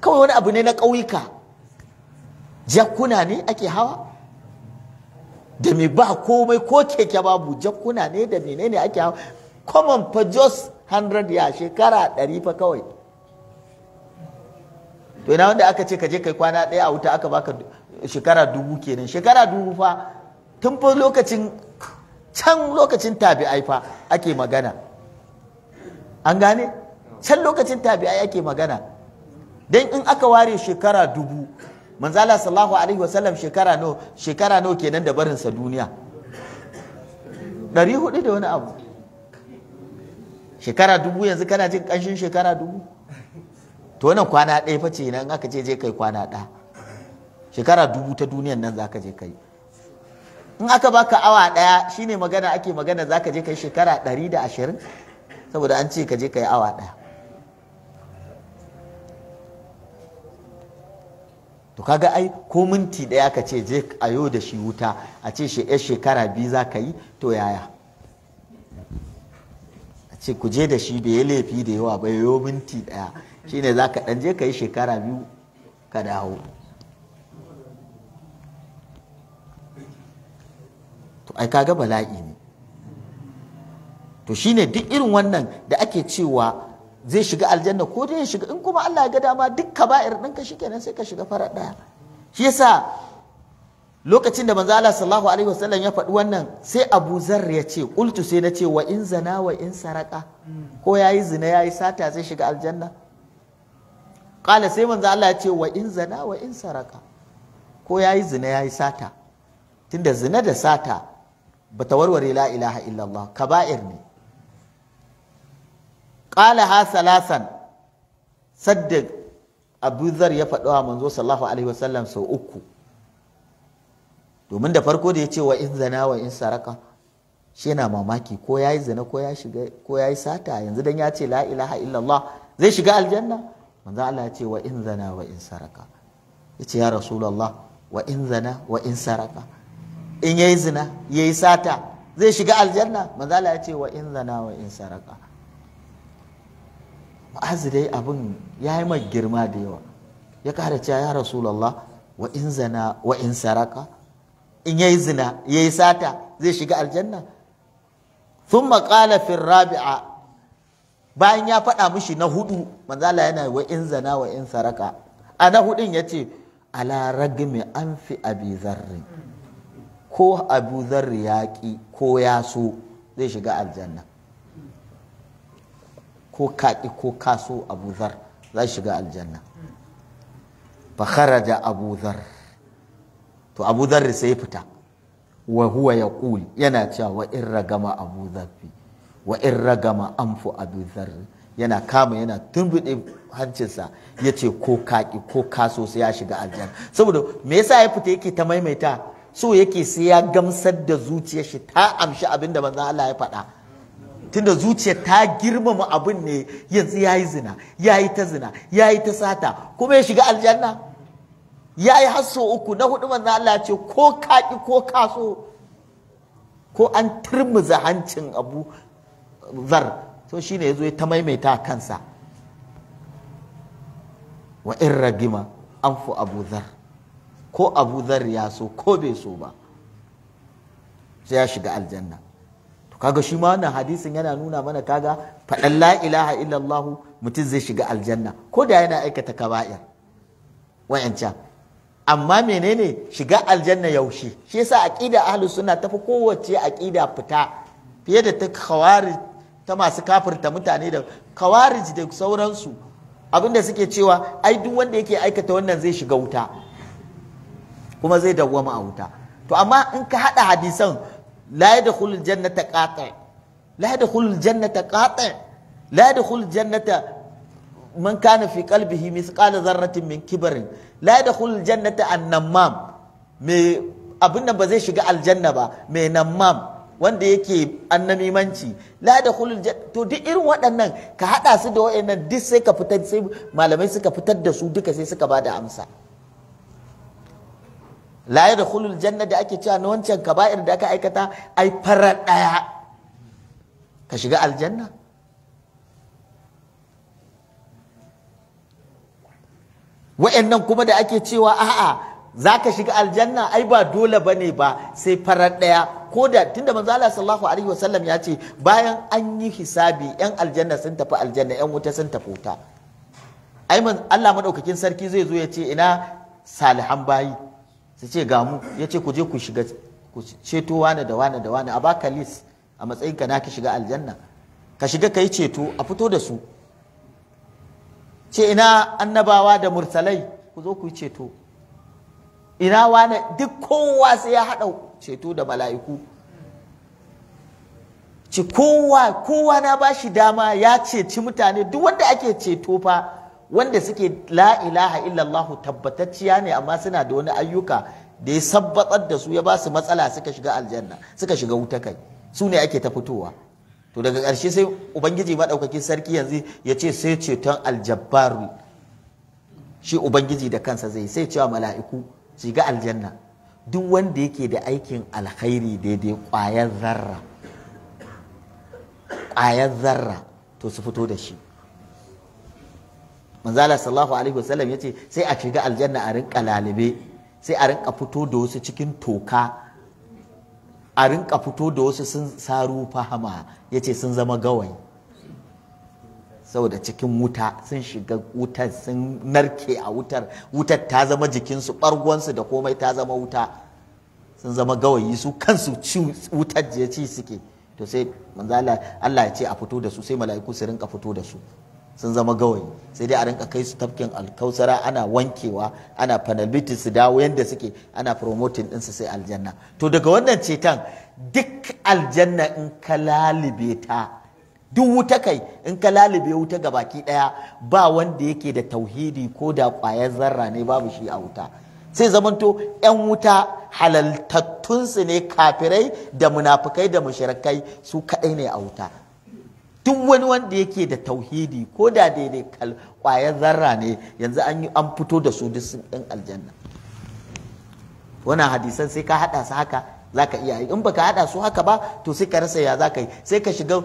kawai wani abu ne na ƙauyuka jakkuna ne ake hawa da me ba komai ko keke babu jakkuna ne da menene ake hawa common fa just 100 ya shekara ɗari fa kawai to ina wanda aka ce ka je kai kwana ɗaya a wuta aka baka shekara dubu kenan shekara dubu fa tun fa lokacin can lokacin tabi'ai fa ake magana an gane can lokacin tabi'ai ake magana Don in aka ware shekara dubu manzala sallahu alaihi wasallam shekara no shekara no kenan da barinsa duniya ɗari hudu da wani abu shekara dubu yanzu kana jin ƙanshin shekara dubu to nan kwana ɗaya fa ce nan aka je je kai kwana ɗaya shekara dubu ta duniyan nan za ka je kai in aka baka awa daya shine magana ake magana za ka je ka yi shekara 120 da ashirin saboda an ce ka je ka yi awa daya. to kaga ai ko minti daya ka ce je a yau da shi wuta a ce shi shekara biyu za ka yi to yaya a ce ku je da shi bai laifi da yawa bai yo minti daya. shine za ka dan je ka yi shekara biyu ka dawo to ai kaga bala'i ne to shine duk irin wannan da ake cewa zai shiga aljanna ko dai ya shiga in kuma Allah ya ga dama duk kaba'ir ɗinka shikenan sai ka shiga farar ɗaya shi yasa lokacin da manzo Allah sallallahu alaihi wasallam ya faɗi wannan sai Abu Zar ya ce qultu sai na ce wa in zana wa in saraka ko yayi zina yayi sata zai shiga aljanna kala sai manzo Allah ya ce wa in zana wa in saraka ko yayi zina yayi sata tunda zina da sata ba ta warware la ilaha illallah kaba'ir ne qala ha salasan sadda abu zar ya faɗa wa manzo sallallahu alaihi wasallam sau uku domin da farko da ya ce wa in zana wa in saraka shi yana mamaki ko ya yi Zana, ko ya yi sata yanzu dan ya ce la ilaha illallah zai shiga aljanna manzo Allah ya ce wa in zana wa in saraka ce, ya rasulullah wa in zana wa in saraka in yayi zina yayi sata zai shiga aljanna manzala ya ce wa in zana wa in saraka ma'azi dai abin ya yi mai girma da yawa ya kara cewa ya rasulallah wa in zana wa in saraka in yayi zina yayi sata zai shiga aljanna thumma qala fi rabi'a bayan ya faɗa mishi na hudu manzala yana wa in zana wa in saraka a na hudun ya ce ala ragmi an fi abi zarrin ko abu zar yaƙi ko ya so zai shiga aljanna ko kaƙi ko kaso abu zar za shiga aljanna fa abu zar to abu zar sai fita wa huwa ƙuli. yana cewa wa in ragama abu zarfi wa in ragama abu zar yana kama yana tumbiɗe hancinsa ya ce ko kaƙi ko kaso sai ya shiga aljanna saboda me yasa ya fita yake ta maimaita so yake sai ya gamsar da zuciyar shi ta amshi abin da manzo Allah ya faɗa tunda zuciya ta girmama abin ne yanzu yayi zina yayi ta zina yayi ta sata kuma ya shiga aljanna yayi hasso uku na hudu manzo Allah ya ce ko kaki ko kaso ko an turmuza hancin abu zar so shine yazo ya ta maimaita kansa wa irragima anfu abu zar ko abu zar ya so ko bai so ba sai ya shiga aljanna to kaga shi ma wannan hadisin yana nuna mana kaga faɗan la ilaha illallah mutum zai shiga aljanna ko da yana aikata kaba'ir wayancan amma menene shiga aljanna yaushe shi yasa aqida ahlus sunna fi kowace aqida fita fiye da ta khawarij ta masu kafirta mutane da Kawarij da sauransu abinda suke cewa ai duk wanda yake aikata wannan zai shiga wuta kuma zai dawwama a wuta to amma in ka hada hadisan la yadkhulul jannata qati la yadkhulul jannata qati la yadkhulul jannata man kana fi qalbihi mithqala dharratin min kibrin la yadkhulul jannata annamam me abin nan ba zai shiga aljanna ba me namam wanda yake annamimanci la yadkhulul to duk irin waɗannan ka haɗa su da waɗannan duk sai ka fitar sai malamai suka fitar da su duka sai suka ba da amsa la yadkhulul janna da ake cewa na wancan kaba'ir da aka aikata ai farar daya ka shiga aljanna wa'annan kuma da ake cewa a'a za ka shiga aljanna ai ba dole ba ne ba sai farar ɗaya ko da tunda manzo Allah sallallahu alaihi wasallam ya ce bayan an yi hisabi yan aljanna sun tafi aljanna yan wuta sun tafi wuta ai Allah madaukakin sarki zai zo ya ce ina salihan bayi sai ce ga mu ya ce ku je ku shiga ku ceto wane da wane da wane a baka list a matsayin ka ki shiga aljanna ka shiga ka yi ceto a fito da su ce ina annabawa da mursalai ku zo ku yi ceto ina wane duk kowa sai ya haɗa ceto da mala'iku ce kowa kowa na ba shi dama ya ceci mutane duk wanda ake ceto fa wanda suke la ilaha illallahu tabbatacciya ne amma suna da wani ayyuka da ya sabbatar da su ya ba su matsala suka shiga aljanna suka shiga wuta kai su ne ake ta fitowa to daga ƙarshe sai ubangiji maɗaukakin sarki yanzu ya ce sai ceton aljabbaru shi ubangiji da kansa zai sai cewa mala'iku shiga aljanna duk wanda yake da aikin alkhairi daidai ƙwayar zarra ƙwayar zarra to su fito da shi manzala sallallahu alaihi wasallam yace sai a shiga aljanna a rinka lalibe sai a rinka fito da wasu cikin toka a rinka fito da wasu sun saru fahama yace sun zama gawayi saboda cikin wuta sun shiga wutar sun narke a wutar wutar ta zama jikinsu ɓargonsu da komai ta zama wuta sun zama gawayi su kansu wutar je ci suke to sai manzala Allah ya ce a fito da su sai mala'iku su rinka fito da su sun zama gawayi sai dai a rinka kai su tafkin alkausara ana wankewa ana fanalbiti su dawo yadda suke ana promoting ɗinsu sai aljanna to daga wannan cetan duk aljanna in ka lalibe ta duk wuta kai in ka lalibe wuta ga baki ɗaya ba wanda yake da tauhidi ko da ƙwayar zarra ne babu shi a wuta sai zamanto 'yan wuta halaltattunsu ne kafirai da munafukai da mushrikai su kaɗai ne a wuta duk wani wanda yake da tauhidi ko da daidai kwayar zarra ne yanzu an yi an fito da su duk sun ɗan aljanna wannan hadisan sai ka haɗa su haka za ka iya in baka haɗa su haka ba to sai ka rasa ya za ka yi sai ka shiga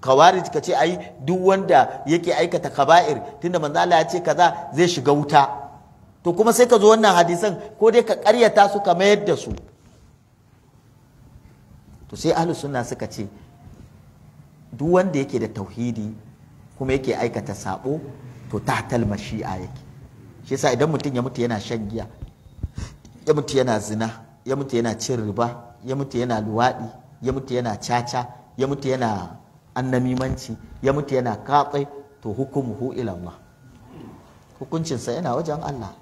kawarij ka ce ai duk wanda yake aikata kaba'ir tunda manzo Allah ya ce kaza zai shiga wuta to kuma sai ka zo wannan hadisan ko dai ka karyata su ka mayar da su to sai ahlus sunna suka ce duk wanda yake da tauhidi kuma yake aikata sabo to ta talmashi mashi'a yake shi yasa idan mutum ya mutu yana shan giya ya mutu yana zina ya mutu yana cin riba ya mutu yana luwaɗi ya mutu yana caca ya mutu yana annamimanci ya mutu yana katsai to hu ilallah hukuncinsa yana wajen Allah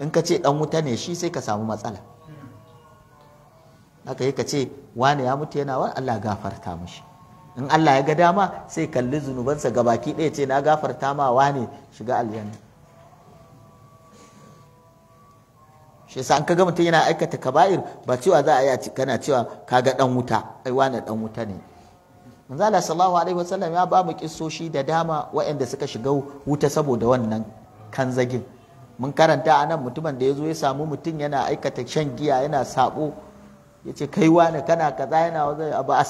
in ka ce dan wuta ne shi sai ka samu matsala haka yi ka ce wane ya mutu yana wa Allah gafarta mishi in Allah ya ga dama sai kalli zunubansa baki ɗaya ce na gafarta ma wane shiga aljanna shi yasa an kaga mutum yana aikata kaba'ir ba cewa za a yi a ci kana cewa kaga dan wuta ai wane dan wuta ne manzo Allah sallallahu alaihi wasallam ya ba mu kissoshi da dama waɗanda suka shiga wuta saboda wannan kanzagin mun karanta anan mutumin da ya zo ya samu mutum yana aikata shan giya yana sabo ya ce kai wani kana kaza yana zai a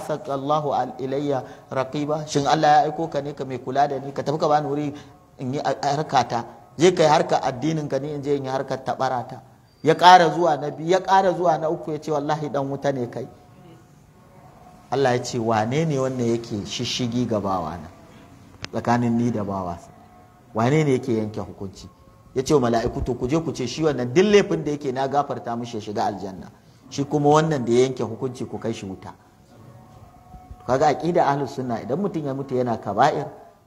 saka Allahu ilayya raqiba shin Allah ya aiko ka ne ka mai kula da ni ka tafi ka bani wuri in yi harkata je kai harka addinin ka ne in je in yi harkar ta ya ƙara zuwa na biyu ya ƙara zuwa na uku ya ce wallahi dan wuta ne kai Allah ya ce wane ne wannan yake shishigi ga bawana tsakanin ni da bawa wane ne yake yanke hukunci ya ce wa mala'iku to ku je ku ce shi wannan duk laifin da yake na gafarta mishi ya shiga aljanna shi kuma wannan da yanke hukunci ku kai shi wuta kaga aqida ahlus sunna idan mutum ya mutu yana kaba'ir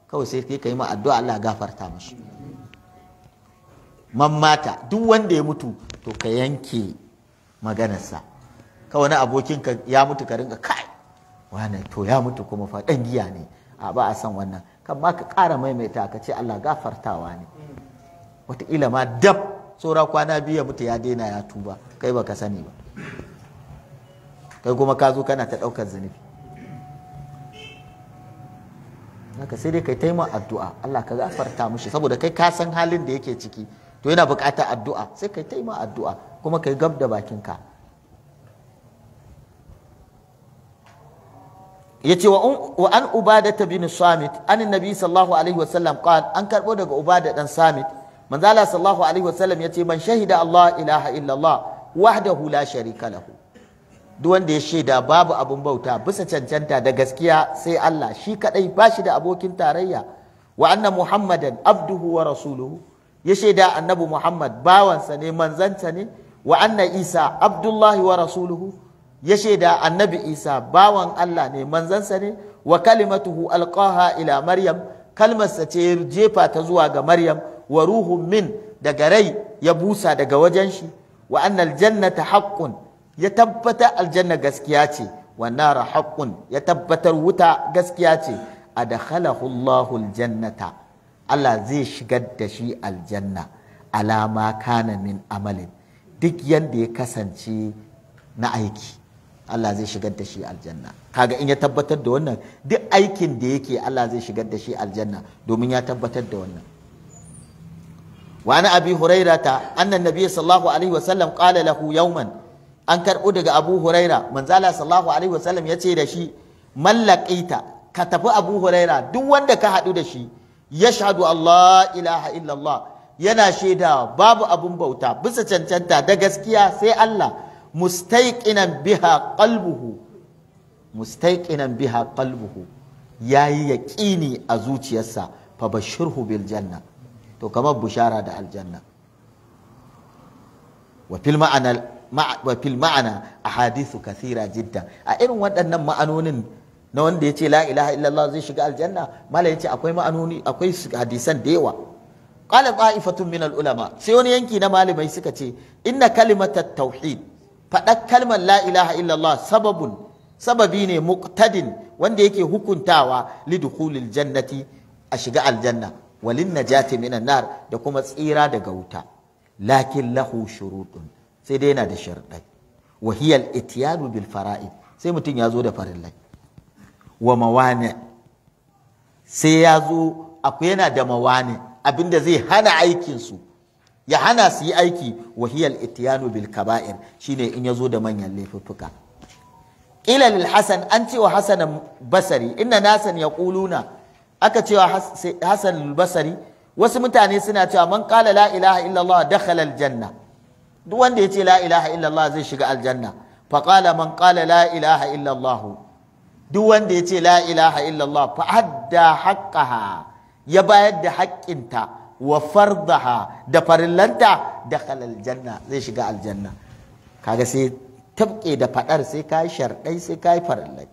kawai sai kai kai ma addu'a Allah gafarta mishi man mata duk wanda ya mutu to ka yanke maganarsa ka wani abokin ka ya mutu ka ringa kai wane to ya mutu kuma fa dan giya ne a ba a san wannan kan ma ka ƙara maimaita ka ce Allah gafartawa ne wataƙila ma dab saura kwana biyu ya mutu ya daina ya tuba kai baka sani ba kai kuma ka zo kana ta ɗaukar zunubi haka sai dai kai taimar addu'a Allah ka gafarta mushi saboda kai ka san halin da yake ciki to yana buƙatar addu'a sai kai taimar addu'a kuma kai gab da bakinka ya ce wa an ubada ta bin samit an nabi sallallahu alaihi wasallam qal an karbo daga ubada dan samit manzala sallallahu alaihi wasallam ce man shahida Allah ilaha illallah wahdahu la sharika lahu duk wanda ya shaida babu abin bauta bisa cancanta da gaskiya sai Allah shi kadai ba shi da abokin tarayya wa anna muhammadan abduhu wa rasuluhu ya shaida annabi muhammad bawansa ne manzanta ne wa anna isa abdullahi wa rasuluhu ya shaida annabi isa bawan Allah ne manzansa ne wa kalimatuhu alqaha ila maryam kalmarsa ce jefa ta zuwa ga maryam wa ruhu min daga rai ya busa daga wajen shi wa annal jannata haqqun ya tabbata aljanna gaskiya ce wa nara haqqun ya tabbatar wuta gaskiya ce adakhalahu Allahu aljannata Allah zai shigar da shi aljanna alama kana min amalin duk yanda ya kasance na aiki Allah zai shigar da shi aljanna kaga in ya tabbatar da wannan duk aikin da yake Allah zai shigar da shi aljanna domin ya tabbatar da wannan وعن Abihurairata, هريرة أن النبي صلى الله عليه وسلم قال له يوما أنكر أدق أبو هريرة من زال صلى ka عليه وسلم يتير شيء من لقيت كتب أبو هريرة دو وندك هدو شيء يشهد yana shaida babu abin bauta bisa cancanta da gaskiya sai Allah mustaiqinan biha qalbuhu mustaiqinan biha qalbuhu yayi yaƙini a zuciyarsa fa bashirhu bil janna to kamar bushara da aljanna wa fil ma'ana a hadisu ma'ana ahadithu a irin waɗannan ma'anonin na wanda ya ce la ilaha illallah zai shiga aljanna mala ya ce akwai ma'anoni akwai hadisan da yawa qala qa'ifatun min ulama sai wani yanki na malamai suka ce inna kalimatat tauhid faɗa kalmar la ilaha illallah sababun sababi ne muqtadin wanda yake hukuntawa lidukhulil jannati a shiga aljanna walin najati minan nar da kuma tsira daga wuta lakin lahu shurutun sai dai yana da sharadai wa hiya al-ityanu bil fara'id sai mutum yazo zo da farillai wa mawani sai ya akwai yana da mawani abinda zai hana aikin su ya hana su yi aiki wa hiya al-ityanu bil kaba'ir shine in yazo da manyan laifuka ila lil hasan an ce wa hasan basari inna nasan yaquluna aka cewa Hassan Basari, wasu mutane suna cewa man kala la ilaha illallah dakhala al-janna duk wanda yace la ilaha illallah zai shiga aljanna fa qala man qala la ilaha illallah duk wanda yace la ilaha illallah fa adda haqqaha ya bayar da haƙƙinta wa fardaha da farillanta dakhala al-janna zai shiga aljanna kaga sai tabke da fadar sai kai sharɗai sai kai farillai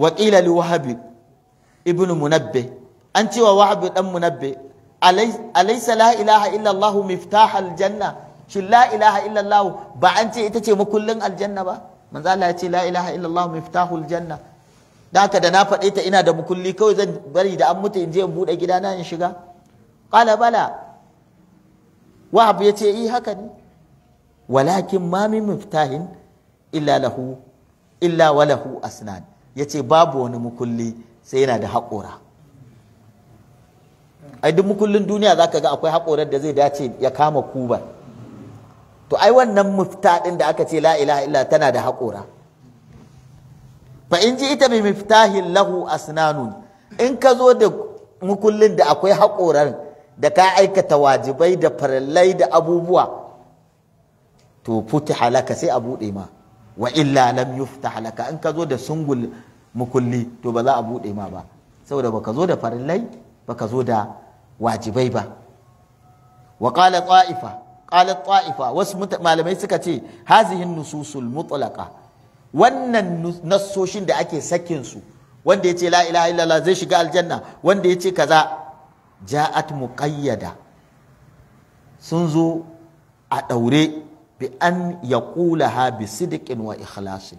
wa qila li wahabi ibnu munabbih an cewa wahabu dan munabbe alaysa la ilaha illa allah miftahal janna shin la ilaha illa allah ba an ce ita ce makullin aljanna ba manzo Allah ya ce la ilaha illa allah miftahul janna da haka da na faɗe ta ina da mukulli kawai zan bari da an mutu in je in buɗe gidana in shiga qala bala wahab ya ce yi eh, haka ne walakin ma min miftahin illa lahu illa walahu asnan ya ce babu wani mukulli sai yana da haƙora ai duk mukullin duniya zaka ga akwai haƙorar da zai dace ya kama kuba to ai wannan mufta din da aka ce la ilaha illa tana da haƙora fa in ji ita bi miftahin lahu asnanun in ka zo da mukullin da akwai haƙoran da ka aikata wajibai da farallai da abubuwa to futi halaka sai a buɗe ma wa illa lam yufta halaka in ka zo da sungul mukulli to ba za a buɗe ma ba saboda baka zo da farallai baka zo da wajibai ba wa qala ta'ifa qala ta'ifa wasu malamai suka ce hazihin nususul mutlaqa wannan nassoshin da ake sakin su wanda ce la ilaha illallah zai shiga aljanna wanda ya ce kaza ja'at muqayyada sun zo a daure bi an yaqulaha bi sidqin wa ikhlasin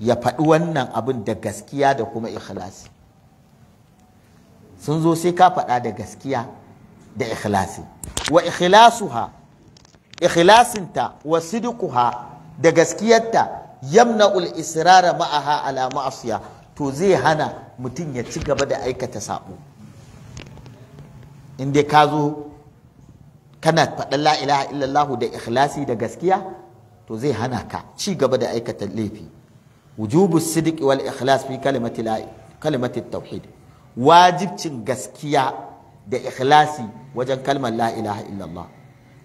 ya faɗi wannan abin da gaskiya da kuma ikhlasi sun zo sai ka faɗa da gaskiya da ikhlasi wa ikhlasuha ikhlasinta wa sidquha da gaskiyarta yamna'ul israra ma'aha ala ma'asiya to zai hana mutum ya ci gaba da aikata sabo in ka zo kana faɗan la ilaha illallahu da ikhlasi da gaskiya to zai hana ka ci gaba da aikata laifi wujubu sidq wal ikhlas fi kalimati la kalimati tauhid wajibcin gaskiya da ikhlasi wajen kalmar la ilaha illallah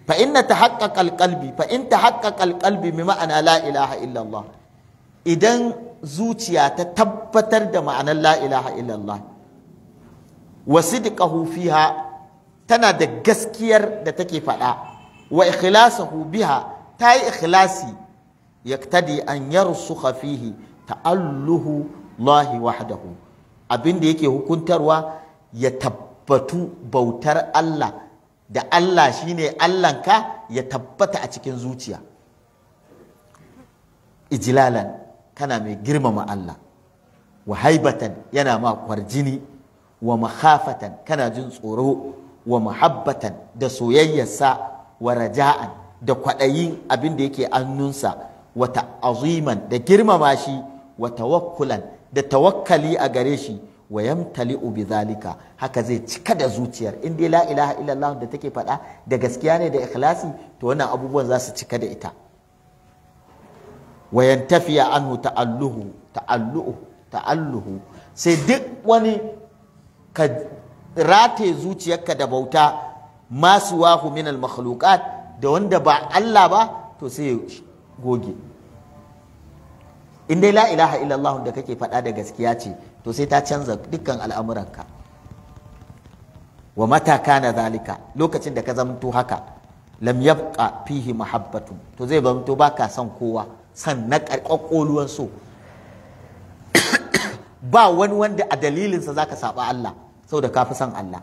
fa inna tahaqqaqa alqalbi fa in tahaqqaqa alqalbi bi ma'ana la ilaha illallah idan zuciya ta tabbatar da ma'anar la ilaha illallah wa sidqahu fiha tana da gaskiyar da take faɗa wa ikhlasahu biha ta yi ikhlasi yaktadi an yarsukha fihi ta'alluhu lahi wahdahu abin da yake hukuntarwa ya tabbatu bautar Allah da Allah shine ka ya tabbata a cikin zuciya ijilalan kana mai girmama Allah wa haibatan yana ma kwarjini wa mahafatan kana jin tsoro wa mahabbatan da soyayyarsa wa raja'an da kwaɗayin abin da yake annunsa wata aziman da girmama shi wa tawakkulan da tawakkali a gare shi wa yamtali'u bi zalika haka zai cika da zuciyar in dai la ilaha illallah da take faɗa da gaskiya ne da ikhlasi to wannan abubuwan za su cika da ita wa yantafiya anhu ta'alluhu ta'alluhu ta'alluhu sai duk wani ka rataye zuciyarka da bauta masu wahu min al da wanda ba Allah ba to sai goge in dai la ilaha illallah da kake faɗa da gaskiya ce to sai ta canza dukkan al'amuranka wa mataka na zalika lokacin da ka zamto haka lam yabqa fihi mahabbatu to zai zamto baka son kowa san na karkakoluwan so *coughs* ba wani wanda a dalilinsa zaka saba Allah saboda ka fi son Allah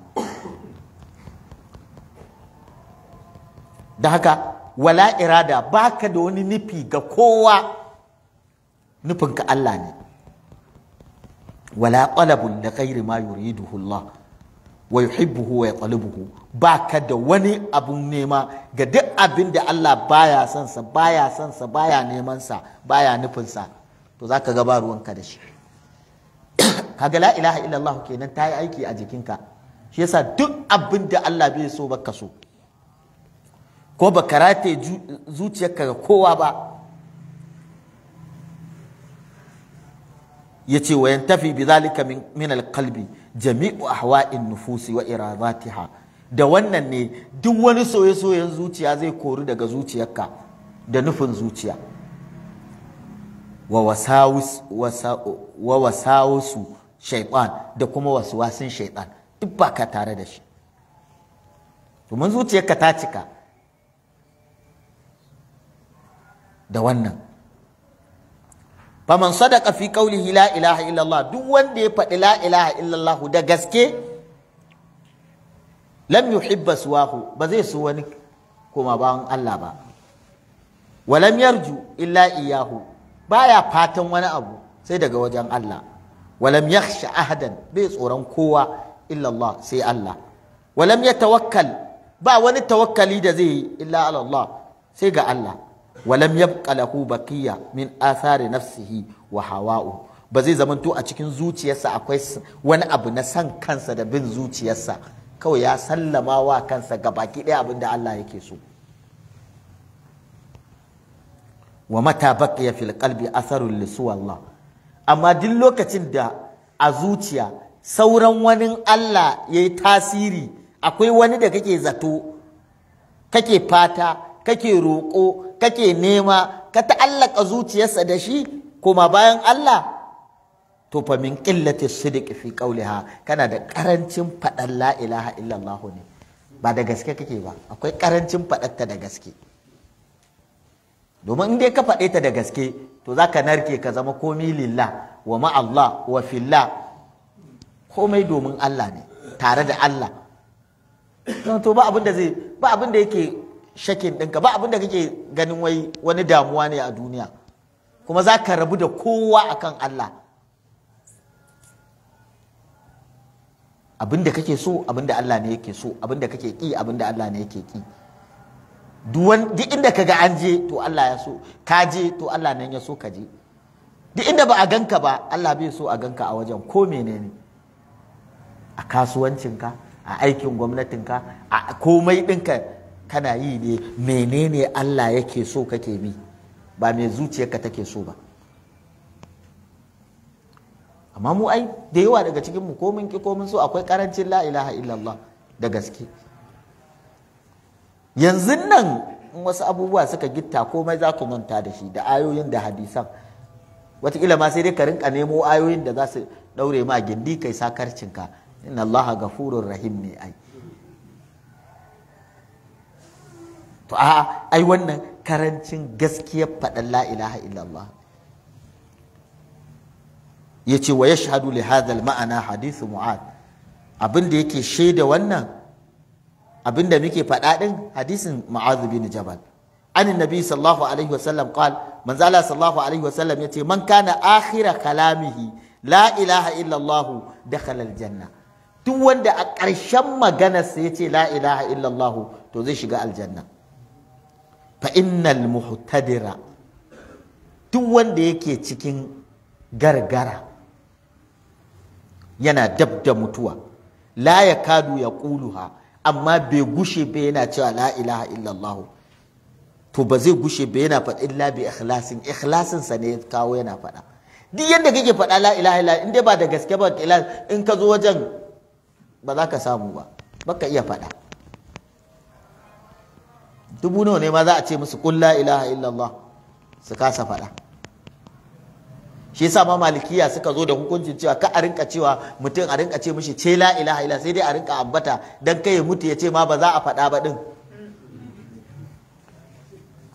da haka wala irada baka da wani nufi ga kowa nufinka Allah ne wala qalabun da ghairi ma yuriduhu Allah wa yuhibbuhu wa yaqlubuhu baka da wani abun nema ga duk abin da Allah baya son sa baya son sa baya neman sa baya nufin sa to zaka ga ba ruwanka da shi *coughs* kaga la ilaha illallah kenan ta yi aiki a jikinka shi yasa duk abin da Allah bai so baka so ko baka rate zuciyarka ga kowa ba ya ce wa yantafi zalika min alqalbi jami'u ahwa'in nufusi wa iradatiha da wannan ne duk wani soye-soyen zuciya zai kori daga zuciyarka da nufin zuciya wa wasawasu shaitan da kuma wasuwasin shaitan duk ba ka tare da shi domin zuciyarka ta cika da wannan faman sadaka fi qawlihi la ilaha illallah duk wanda ya faɗi la ilaha illallah da gaske lam yuhibba suwahu ba zai so wani koma bawan Allah ba wa lam yarju illa iyahu baya fatan wani abu sai daga wajen Allah wa lam yakhsha ahadan bai tsoron kowa illa Allah sai Allah wa lam yatawakkal ba wani tawakkali da zai illa Allah sai ga Allah walam yabqa lahu baqiya min asari nafsihi wa hawa'u ba zai zamanto a cikin zuciyarsa akwai wani abu na san kansa da bin zuciyarsa kawai ya sallama wa kansa ga baki ɗaya abin da Allah yake so wa mata baqiya fil qalbi atharul Allah. amma duk lokacin da a zuciya sauran wani Allah yayi tasiri akwai wani da kake zato kake fata kake roƙo kake nema ka ta'allaka zuciyarsa da shi kuma bayan Allah to fa min qillati sidiq fi qawliha kana da karancin fadan la ilaha illallah ne ba da gaske kake ba akwai karancin fadarta da gaske domin in dai ka faɗe ta da gaske to za ka narke ka zama komi lillah wa ma Allah wa fillah komai domin Allah ne tare da Allah to ba abin da zai ba abin da yake shakin ɗinka ba abin da kake ganin wai wani damuwa ne a duniya kuma za ka rabu da kowa a kan Allah abin da kake so abin da Allah ne yake so abin da kake ƙi abin da Allah ne yake ƙi duk inda ka ga an je to Allah ya so ka je to Allah ne ya so ka je duk inda ba a ganka ba Allah bai so a ganka a wajen ko menene a kasuwancinka a aikin gwamnatinka a komai ɗinka kana yi ne menene Allah yake so kake bi ba mai zuciyarka take so ba amma mu ai da yawa daga cikin mu komin ki komin so akwai karancin la ilaha illallah da gaske yanzu nan wasu abubuwa suka gitta komai za ku manta da shi da ayoyin da hadisan watakila ma sai dai ka rinka nemo ayoyin da za su daure ma gindi kai sakarcinka inna allaha gafurur rahim ne ai to a ai wannan karancin gaskiyar faɗan la ilaha illallah ya ce wa ya shahadu li hadha ma'ana hadithu mu'ad abin da yake shaida wannan abin da muke faɗa ɗin hadisin ma'azu bin jabal an nabi sallallahu alaihi wasallam qal manzo Allah sallallahu alaihi wasallam yace man kana akhira kalamihi la ilaha illallah dakhala aljanna duk wanda a ƙarshen maganarsa yace la ilaha illallah to zai shiga aljanna fa innal muhtadira duk wanda yake cikin gargara yana dab da mutuwa la ya kadu ya ƙuluha amma bai gushe ba yana cewa la ilaha illallah to ba zai gushe ba yana faɗa illa bi ikhlasin ikhlasin sa ne kawo yana faɗa duk yanda kake faɗa la ilaha illallah in dai ba da gaske ba in ka zo wajen ba za ka samu ba baka iya faɗa dubu nawa ne ma za a ce musu kulla ilaha illallah su kasa faɗa shi yasa ma malikiya suka zo da hukuncin cewa ka a rinka cewa mutum a rinka ce mishi ce la ilaha illa sai dai a rinka ambata dan kai ya mutu ya ce ma ba za a faɗa ba din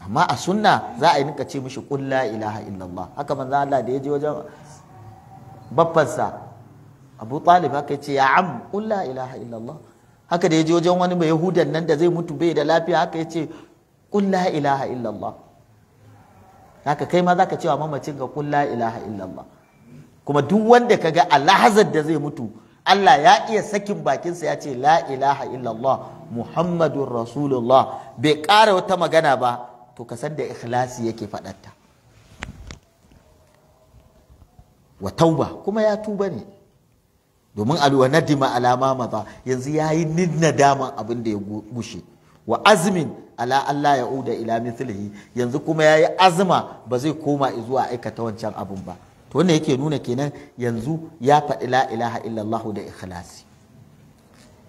amma a sunna za a rinka ce mishi kulla ilaha illallah haka manzo Allah da ya je wajen baffansa Abu Talib haka ya ce ya am kulla ilaha illallah haka da ya je wajen wani mai yahudan nan da zai mutu bai da lafiya haka ya ce qul la ilaha illallah haka kai ma zaka cewa mamacin ga kulla la ilaha illallah kuma duk wanda ka a lahazar da zai mutu Allah ya iya sakin bakinsa ya ce la ilaha illallah muhammadun rasulullah bai ƙara wata magana ba to ka san da ikhlasi yake faɗarta wa tauba kuma ya tuba ne domin alwa nadima alama maza yanzu ya yi nadaman abin da ya gushe wa azumin, ala Allah ya uda ila mithlihi yanzu kuma ya yi azuma ba zai koma zuwa aikata wancan abin ba to wanda yake nuna kenan yanzu ya faɗi la ilaha illallah da ikhlasi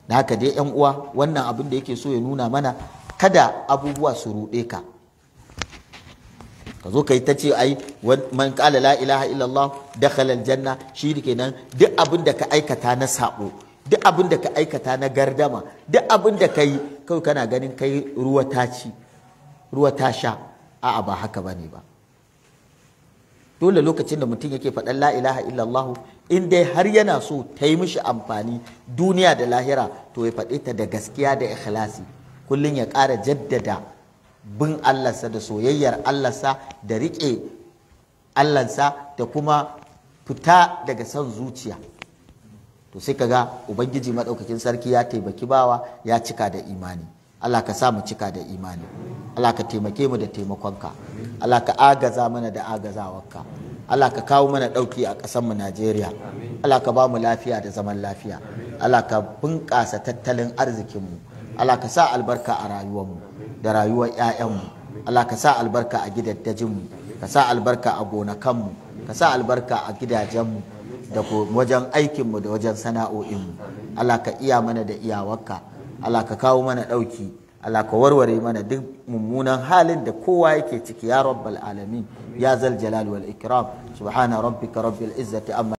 da haka dai yan uwa wannan abin da yake so ya nuna mana kada abubuwa su ruɗe ka ka zo ka yi ta ce ai man kala la ilaha illallah dakhala aljanna shi nan duk abin da ka aikata na sabo duk abin da ka aikata na gardama duk abin da ka yi kawai kana ganin kai ruwa ta ci ruwa ta sha a'a ba haka bane ba dole lokacin da mutum yake faɗan la ilaha illallah in dai har yana so ta yi mishi amfani duniya da lahira to ya faɗe ta da gaskiya da ikhlasi kullum ya ƙara jaddada bin allansa da soyayyar allansa da riƙe allansa da kuma fita daga son zuciya to sai ga ubangiji maɗaukakin sarki ya taimaki bawa ya cika da imani Allah ka sa mu cika da imani Allah ka taimake mu da taimakonka Allah ka agaza mana da agazawarka Allah ka kawo mana ɗauki a ƙasarmu Najeriya Allah ka ba mu lafiya da zaman lafiya Allah ka bunƙasa tattalin arzikinmu Allah ka sa albarka a rayuwarmu da rayuwar 'ya'yanmu Allah ka sa albarka a gidajenmu ka sa albarka a gonakanmu ka sa albarka a gidajenmu da wajen aikinmu da wajen sana'o'inmu Allah ka iya mana da iyawarka Allah ka kawo mana ɗauki Allah ka warware mana duk mummunan halin da kowa yake ciki ya rabbal alamin ya zal jalal wal ikram subhana rabbika rabbil izzati